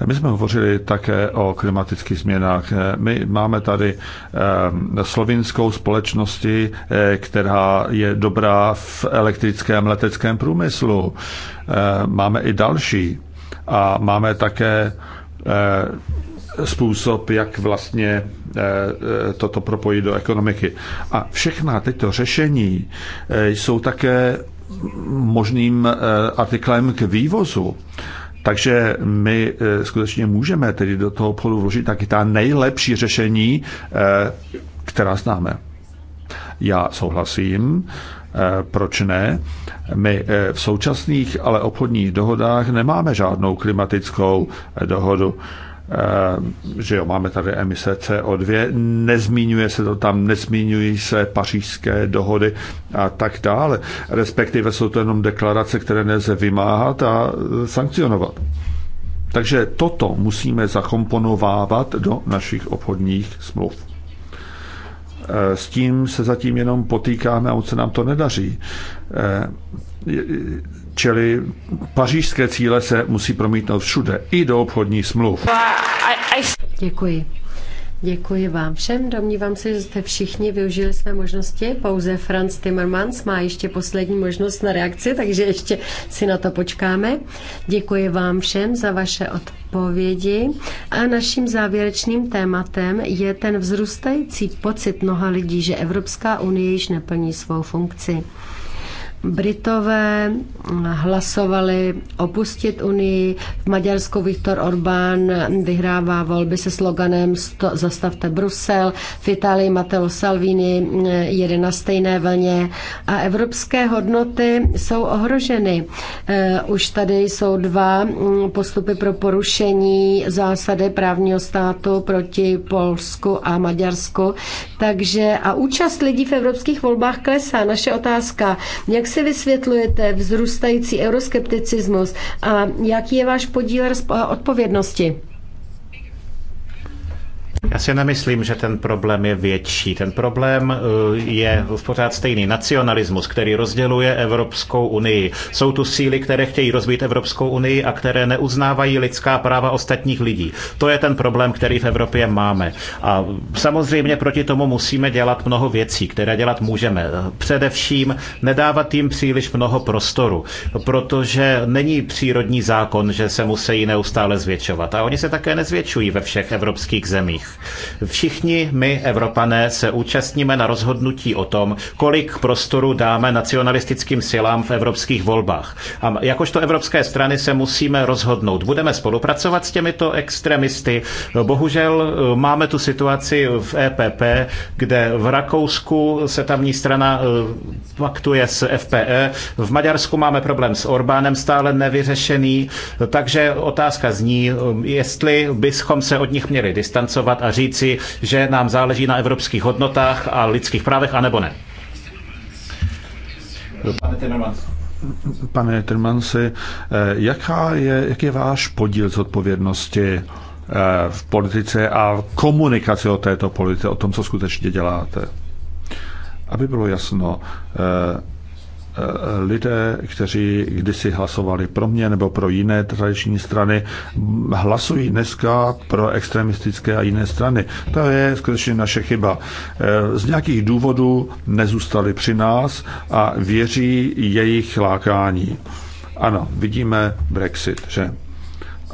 my jsme hovořili také o klimatických změnách. My máme tady ehm, slovinskou společnosti, eh, která je dobrá v elektrickém leteckém průmyslu. Eh, máme i další. A máme také eh, způsob, jak vlastně toto propojit do ekonomiky. A všechna tyto řešení jsou také možným artiklem k vývozu. Takže my eh, skutečně můžeme tedy do toho obchodu vložit taky ta nejlepší řešení, eh, která známe. Já souhlasím, eh, proč ne? My v současných ale obchodních dohodách nemáme žádnou klimatickou dohodu že jo, máme tady emise CO2, nezmínuje se to tam, nezmiňují se pařížské dohody a tak dále. Respektive jsou to jenom deklarace, které nelze vymáhat a sankcionovat. Takže toto musíme zakomponovávat do našich obchodních smluv. Eh, s tím se zatím jenom potýkáme a moc se nám to nedaří eh, Čili pařížské cíle se musí promítnout všude, i do obchodních smluv. Děkuji. Děkuji vám všem. Domnívám se, že jste všichni využili své možnosti. Pouze Franz Timmermans má ještě poslední možnost na reakci, takže ještě si na to počkáme. Děkuji vám všem za vaše odpovědi. A naším závěrečným tématem je ten vzrůstající pocit mnoha lidí, že Evropská unie již neplní svou funkci. Britové hlasovali opustit Unii. V Maďarsku Viktor Orbán vyhrává volby se sloganem Zastavte Brusel. V Itálii Matteo Salvini eh, jede na stejné vlně. A evropské hodnoty jsou ohroženy. Eh, už tady jsou dva mm, postupy pro porušení zásady právního státu proti Polsku a Maďarsku. Takže a účast lidí v evropských volbách klesá. Naše otázka, jak se si vysvětlujete vzrůstající euroskepticismus a jaký je váš podíl odpovědnosti? Já si nemyslím, že ten problém je větší. Ten problém eh, je pořád stejný. Nacionalismus, který rozděluje Evropskou unii. Jsou tu síly, které chtějí rozbít Evropskou unii a které neuznávají lidská práva ostatních lidí. To je ten problém, který v Evropě máme. A samozřejmě proti tomu musíme dělat mnoho věcí, které dělat můžeme. Především nedávat jim příliš mnoho prostoru, protože není přírodní zákon, že se musí neustále zvětšovat. A oni se také nezvětšují ve všech evropských zemích. Všichni my, Evropané, se účastníme na rozhodnutí o tom, kolik prostoru dáme nacionalistickým silám v evropských volbách. A jakožto evropské strany se musíme rozhodnout. Budeme spolupracovat s těmito extremisty. Bohužel eh, máme tu situaci v EPP, kde v Rakousku se tamní strana eh, paktuje s FPE. V Maďarsku máme problém s Orbánem stále nevyřešený. Takže otázka zní, eh, jestli bychom se od nich měli distancovat a říci, že nám záleží na evropských hodnotách a lidských právech, anebo ne. Pane Timmermans. Pane Timmermansi, eh, jaká je, jaký je váš podíl z odpovědnosti eh, v politice a komunikaci o této politice, o tom, co skutečně děláte? Aby bylo jasno, eh, lidé, kteří kdysi hlasovali pro mě nebo pro jiné tradiční strany, hlasují dneska pro extremistické a jiné strany. To je skutečně naše chyba. Eh, z nějakých důvodů nezůstali při nás a věří jejich lákání. Ano, vidíme Brexit, že?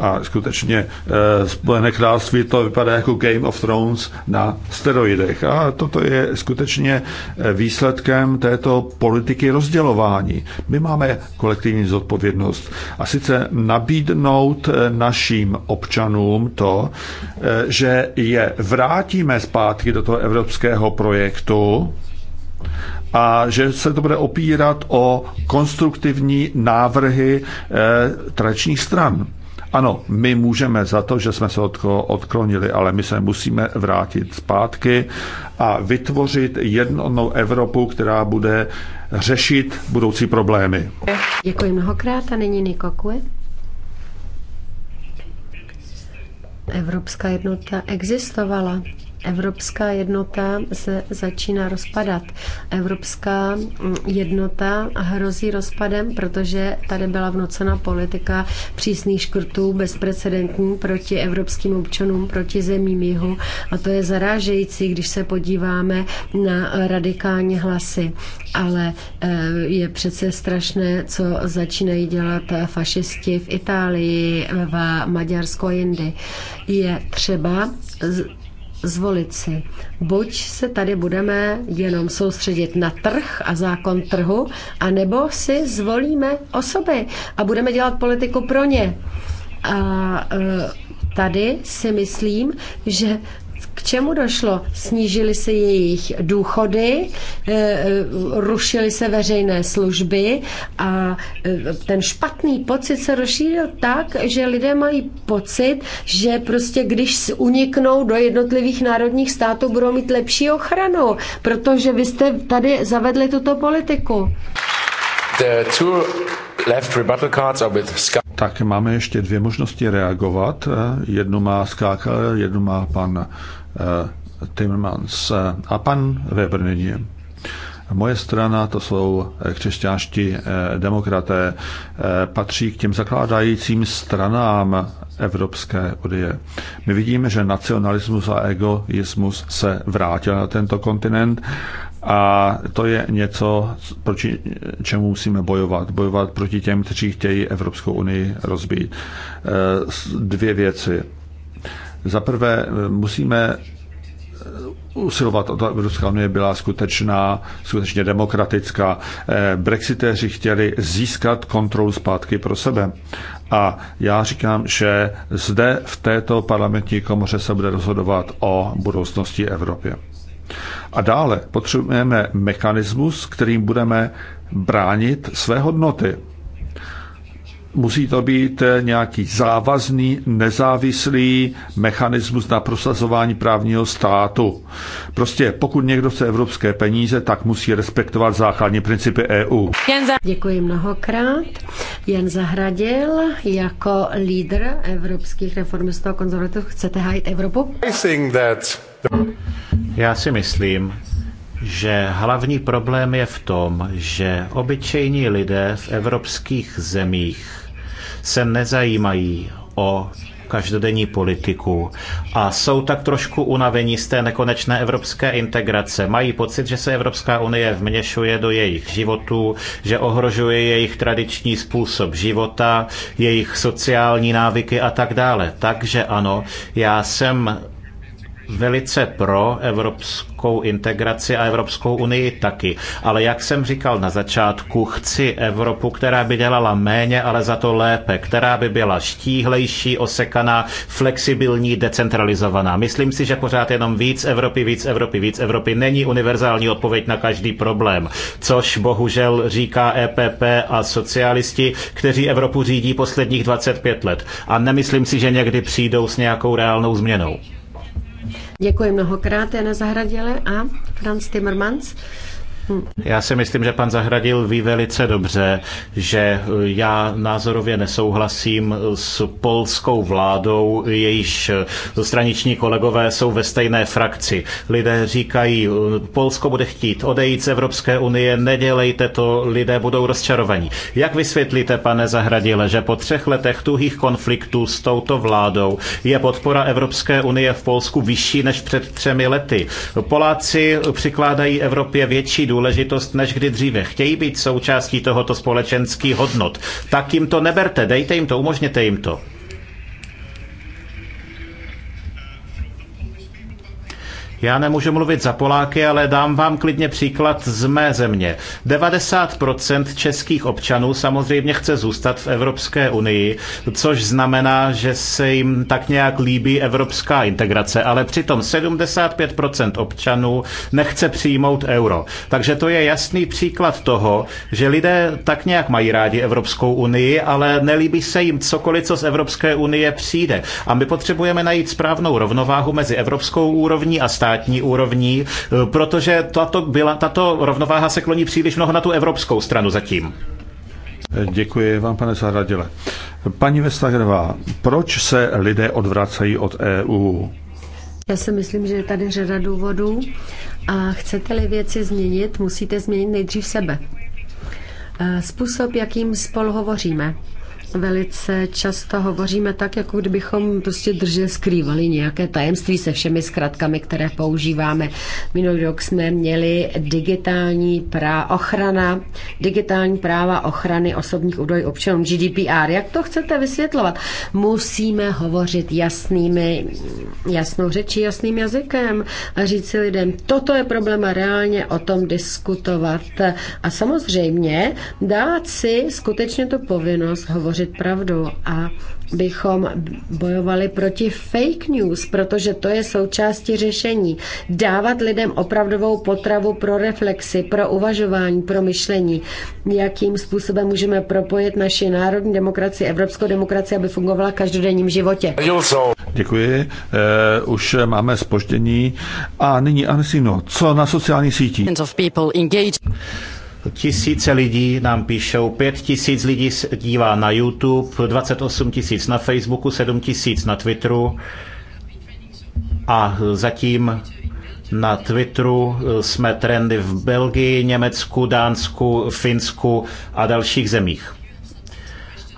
A skutečně eh, Spojené království to vypadá jako Game of Thrones na steroidech. A toto je skutečně eh, výsledkem této politiky rozdělování. My máme kolektivní zodpovědnost. A sice nabídnout eh, našim občanům to, že je vrátíme zpátky do toho evropského projektu, a že se to bude opírat o konstruktivní návrhy e, tradičních stran. Ano, my můžeme za to, že jsme se odklonili, ale my se musíme vrátit zpátky a vytvořit jednotnou Evropu, která bude řešit budoucí problémy. Děkuji mnohokrát a nyní Niko Kue. Evropská jednota existovala Evropská jednota se začíná rozpadat. Evropská mm, jednota hrozí rozpadem, protože tady byla vnocena politika přísných škrtů bezprecedentní proti evropským občanům, proti zemím jihu. A to je zarážející, když se podíváme na radikální hlasy. Ale eh, je přece strašné, co začínají dělat fašisti v Itálii, v Maďarsko a jindy. Je třeba zvolit si. Buď se tady budeme jenom soustředit na trh a zákon trhu, anebo si zvolíme osoby a budeme dělat politiku pro ně. A e, tady si myslím, že k čemu došlo? Snížily se jejich důchody, eh, rušily se veřejné služby a eh, ten špatný pocit se rozšířil tak, že lidé mají pocit, že prostě když uniknou do jednotlivých národních států, budou mít lepší ochranu, protože vy jste tady zavedli tuto politiku. Tak máme ještě dvě možnosti reagovat. Eh, jednu má Skákal, jednu má pan uh, Timmermans. Eh, a pan Weber není. Moje strana, to jsou křesťanští demokraté, patří k těm zakládajícím stranám Evropské unie. My vidíme, že nacionalismus a egoismus se vrátil na tento kontinent a to je něco, proti čemu musíme bojovat. Bojovat proti těm, kteří chtějí Evropskou unii rozbít. Eh, dvě věci. Za prvé, eh, musíme eh, usilovat o to, aby Evropská unie byla skutečná, skutečně demokratická. Brexiteři chtěli získat kontrolu zpátky pro sebe. A já říkám, že zde v této parlamentní komoře se bude rozhodovat o budoucnosti Evropy. A dále potřebujeme mechanismus, kterým budeme bránit své hodnoty. Musí to být nějaký závazný, nezávislý mechanismus na prosazování právního státu. Prostě pokud někdo chce evropské peníze, tak musí respektovat základní principy EU. Děkuji mnohokrát. Jen Zahradil jako lídr evropských reformistů a konzervativů chcete hájit Evropu? Já si myslím, že hlavní problém je v tom, že obyčejní lidé v evropských zemích se nezajímají o každodenní politiku a jsou tak trošku unavení z té nekonečné evropské integrace. Mají pocit, že se Evropská unie vměšuje do jejich životů, že ohrožuje jejich tradiční způsob života, jejich sociální návyky a tak dále. Takže ano, já jsem velice pro evropskou integraci a Evropskou unii taky. Ale jak jsem říkal na začátku, chci Evropu, která by dělala méně, ale za to lépe, která by byla štíhlejší, osekaná, flexibilní, decentralizovaná. Myslím si, že pořád jenom víc Evropy, víc Evropy, víc Evropy není univerzální odpověď na každý problém, což bohužel říká EPP a socialisti, kteří Evropu řídí posledních 25 let. A nemyslím si, že někdy přijdou s nějakou reálnou změnou. Děkuji mnohokrát, Jana Zahradile a Franz Timmermans. Já si myslím, že pan Zahradil ví velice dobře, že já názorově nesouhlasím s polskou vládou, jejíž straniční kolegové jsou ve stejné frakci. Lidé říkají, Polsko bude chtít odejít z Evropské unie, nedělejte to, lidé budou rozčarovaní. Jak vysvětlíte, pane Zahradile, že po třech letech tuhých konfliktů s touto vládou je podpora Evropské unie v Polsku vyšší než před třemi lety? Poláci přikládají Evropě větší důležitost než kdy dříve. Chtějí být součástí tohoto společenský hodnot. Tak jim to neberte, dejte jim to, umožněte jim to. Já nemůžu mluvit za Poláky, ale dám vám klidně příklad z mé země. 90% českých občanů samozřejmě chce zůstat v Evropské unii, což znamená, že se jim tak nějak líbí evropská integrace, ale přitom 75% občanů nechce přijmout euro. Takže to je jasný příklad toho, že lidé tak nějak mají rádi Evropskou unii, ale nelíbí se jim cokoliv, co z Evropské unie přijde. A my potřebujeme najít správnou rovnováhu mezi evropskou úrovní a státní státní úrovní, eh, protože tato, byla, tato rovnováha se kloní příliš mnoho na tu evropskou stranu zatím. Děkuji vám, pane Zahradile. Paní Vestagerová, proč se lidé odvracejí od EU? Já si myslím, že je tady řada důvodů a chcete-li věci změnit, musíte změnit nejdřív sebe. Eh, způsob, jakým spolu hovoříme, velice často hovoříme tak, jako kdybychom prostě drže skrývali nějaké tajemství se všemi zkratkami, které používáme. Minulý rok jsme měli digitální prá- ochrana, digitální práva ochrany osobních údajů občanů GDPR. Jak to chcete vysvětlovat? Musíme hovořit jasnými, jasnou řečí, jasným jazykem a říct si lidem, toto je problém a reálně o tom diskutovat. A samozřejmě dát si skutečně tu povinnost hovořit šířit pravdu a bychom bojovali proti fake news, protože to je součástí řešení. Dávat lidem opravdovou potravu pro reflexy, pro uvažování, pro myšlení. Jakým způsobem můžeme propojit naši národní demokracii, evropskou demokracii, aby fungovala v každodenním životě. Děkuji. Uh, už máme spoždění. A nyní, Anesino, co na sociálních sítích? Tisíce lidí nám píšou, pět tisíc lidí dívá na YouTube, 28 tisíc na Facebooku, 7 tisíc na Twitteru a zatím na Twitteru jsme trendy v Belgii, Německu, Dánsku, Finsku a dalších zemích.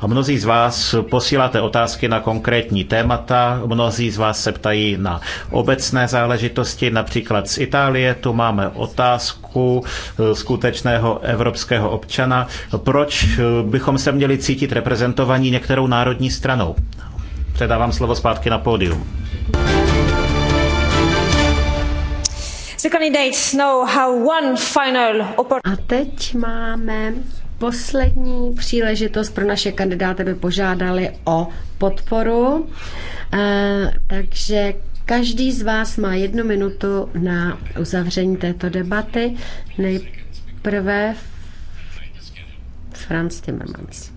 Mnozí z vás posíláte otázky na konkrétní témata, mnozí z vás se ptají na obecné záležitosti, například z Itálie. Tu máme otázku eh, skutečného evropského občana. Proč eh, bychom se měli cítit reprezentovaní některou národní stranou? Předávám slovo zpátky na pódium. A teď máme poslední příležitost pro naše kandidáty by požádali o podporu. Eh, takže každý z vás má jednu minutu na uzavření této debaty. Nejprve Franz Timmermans.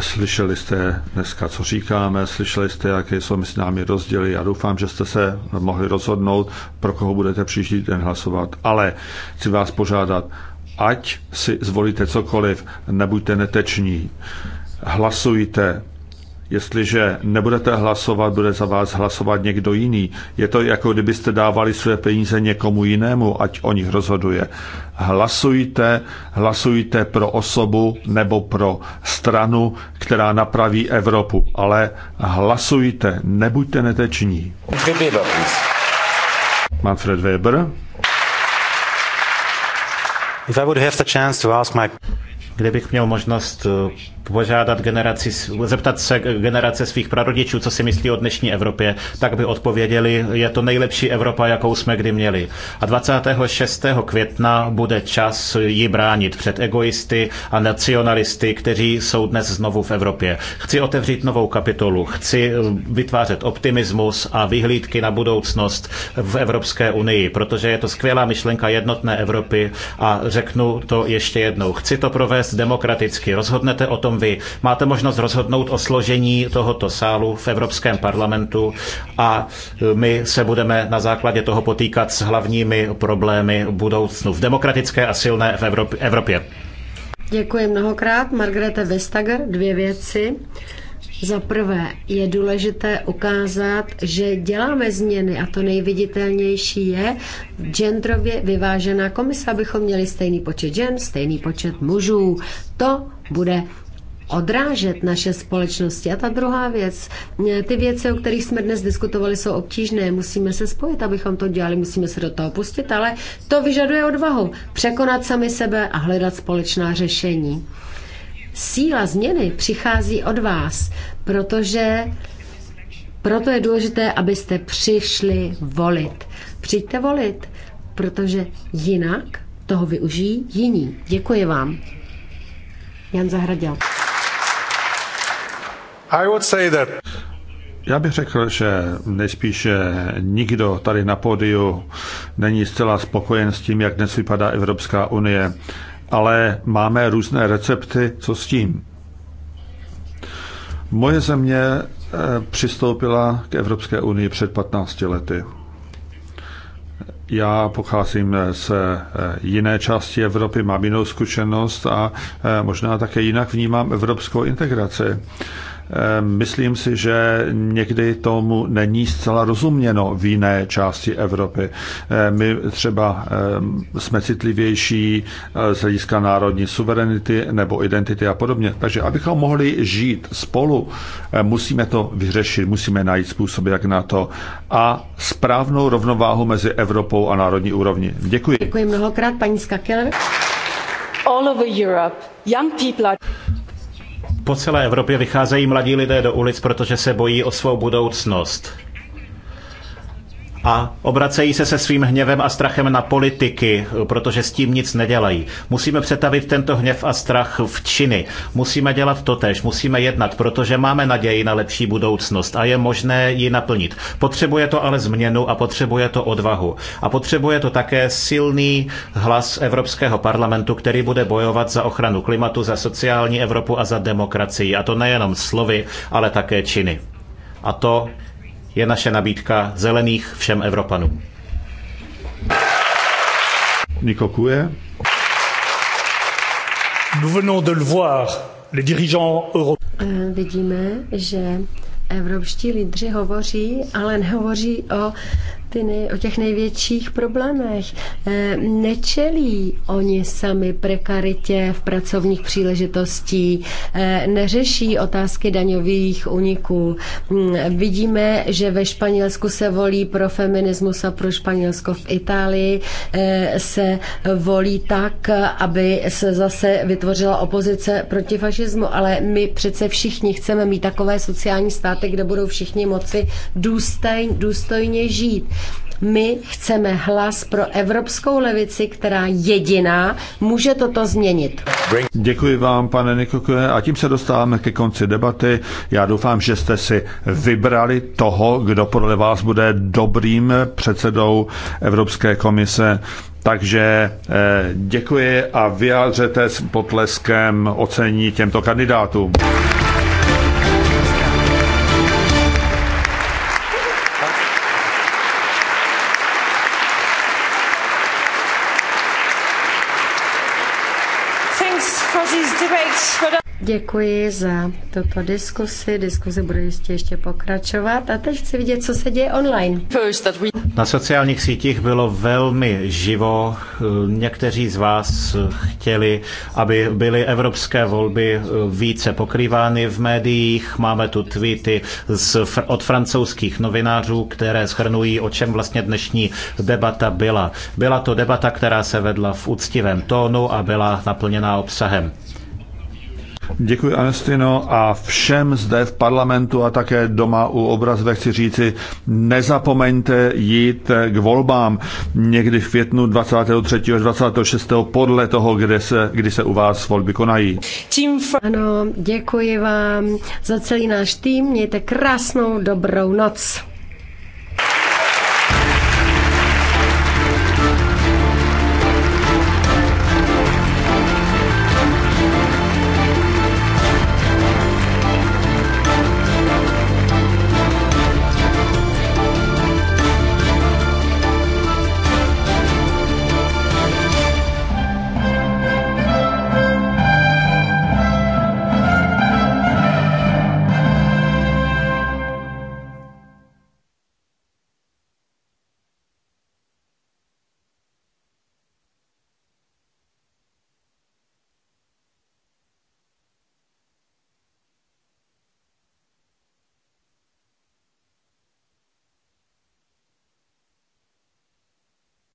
Slyšeli jste dneska, co říkáme, slyšeli jste, jaké jsou mezi námi rozdíly. Já doufám, že jste se mohli rozhodnout, pro koho budete příští den hlasovat. Ale chci vás požádat, ať si zvolíte cokoliv, nebuďte neteční. Hlasujte Jestliže nebudete hlasovat, bude za vás hlasovat někdo jiný. Je to jako kdybyste dávali své peníze někomu jinému, ať o nich rozhoduje. Hlasujte, hlasujte pro osobu nebo pro stranu, která napraví Evropu, ale hlasujte, nebuďte neteční. Manfred Weber. If I would have the chance to ask my... Kdybych měl možnost eh, požádat generaci, zeptat se generace svých prarodičů, co si myslí o dnešní Evropě, tak by odpověděli, je to nejlepší Evropa, jakou jsme kdy měli. A 26. května bude čas ji bránit před egoisty a nacionalisty, kteří jsou dnes znovu v Evropě. Chci otevřít novou kapitolu, chci eh, vytvářet optimismus a vyhlídky na budoucnost v Evropské unii, protože je to skvělá myšlenka jednotné Evropy a řeknu to ještě jednou. Chci to provést demokraticky. Rozhodnete o tom potom vy. Máte možnost rozhodnout o složení tohoto sálu v Evropském parlamentu a e, my se budeme na základě toho potýkat s hlavními problémy budoucnu v demokratické a silné v Evropě. Děkuji mnohokrát. Margarete Vestager, dvě věci. Za prvé je důležité ukázat, že děláme změny a to nejviditelnější je genderově vyvážená komise, abychom měli stejný počet žen, stejný počet mužů. To bude odrážet naše společnosti. A ta druhá věc, eh, ty věci, o kterých jsme dnes diskutovali, jsou obtížné. Musíme se spojit, abychom to dělali, musíme se do toho pustit, ale to vyžaduje odvahu překonat sami sebe a hledat společná řešení. Síla změny přichází od vás, protože proto je důležité, abyste přišli volit. Přijďte volit, protože jinak toho využijí jiní. Děkuji vám. Jan Zahradil. I would say that... Já bych řekl, že nejspíše nikdo tady na pódiu není zcela spokojen s tím, jak dnes vypadá Evropská unie, ale máme různé recepty, co s tím. Moje země eh, přistoupila k Evropské unii před 15 lety. Já pocházím z eh, jiné části Evropy, mám jinou zkušenost a eh, možná také jinak vnímám evropskou integraci. Ehm, myslím si, že někdy tomu není zcela rozuměno v jiné části Evropy. Ehm, my třeba ehm, jsme citlivější eh, z hlediska národní suverenity nebo identity a podobně. Takže abychom mohli žít spolu, musíme to vyřešit, musíme najít způsob, jak na to a správnou rovnováhu mezi Evropou a národní úrovni. Děkuji. Děkuji mnohokrát, paní Skakel. All over Europe, young people are... Po celé Evropě vycházejí mladí lidé do ulic, protože se bojí o svou budoucnost a obracejí se se svým hněvem a strachem na politiky, protože s tím nic nedělají. Musíme přetavit tento hněv a strach v činy. Musíme dělat to tež, musíme jednat, protože máme naději na lepší budoucnost a je možné ji naplnit. Potřebuje to ale změnu a potřebuje to odvahu. A potřebuje to také silný hlas Evropského parlamentu, který bude bojovat za ochranu klimatu, za sociální Evropu a za demokracii. A to nejenom slovy, ale také činy. A to je naše nabídka zelených všem Evropanům. Niko Kuje. Nous venons de le voir, les dirigeants européens. Eh, vidíme, že evropští lídři hovoří, ale nehovoří o ty nej, o těch největších problémech. Eh, nečelí oni sami prekaritě v pracovních příležitostí, eh, neřeší otázky daňových uniků. Mm, vidíme, že ve Španělsku se volí pro feminismus a pro Španělsko v Itálii eh, se volí tak, aby se zase vytvořila opozice proti fašismu, ale my přece všichni chceme mít takové sociální státy, kde budou všichni moci důstojně žít. My chceme hlas pro evropskou levici, která jediná může toto změnit. Děkuji vám, pane Nikokuje, a tím se dostáváme ke konci debaty. Já doufám, že jste si vybrali toho, kdo podle vás bude dobrým předsedou Evropské komise. Takže eh, děkuji a vyjádřete s potleskem ocení těmto kandidátům. Děkuji za toto diskusi. Diskuze bude jistě ještě pokračovat. A teď chci vidět, co se děje online. Na sociálních sítích bylo velmi živo. Někteří z vás chtěli, aby byly evropské volby více pokrývány v médiích. Máme tu tweety z, od francouzských novinářů, které schrnují, o čem vlastně dnešní debata byla. Byla to debata, která se vedla v úctivém tónu a byla naplněná obsahem. Děkuji, Anestino, a všem zde v parlamentu a také doma u obrazve chci říci, nezapomeňte jít k volbám někdy v květnu 23. až 26. podle toho, kde se, kdy se u vás volby konají. Ano, děkuji vám za celý náš tým, mějte krásnou dobrou noc.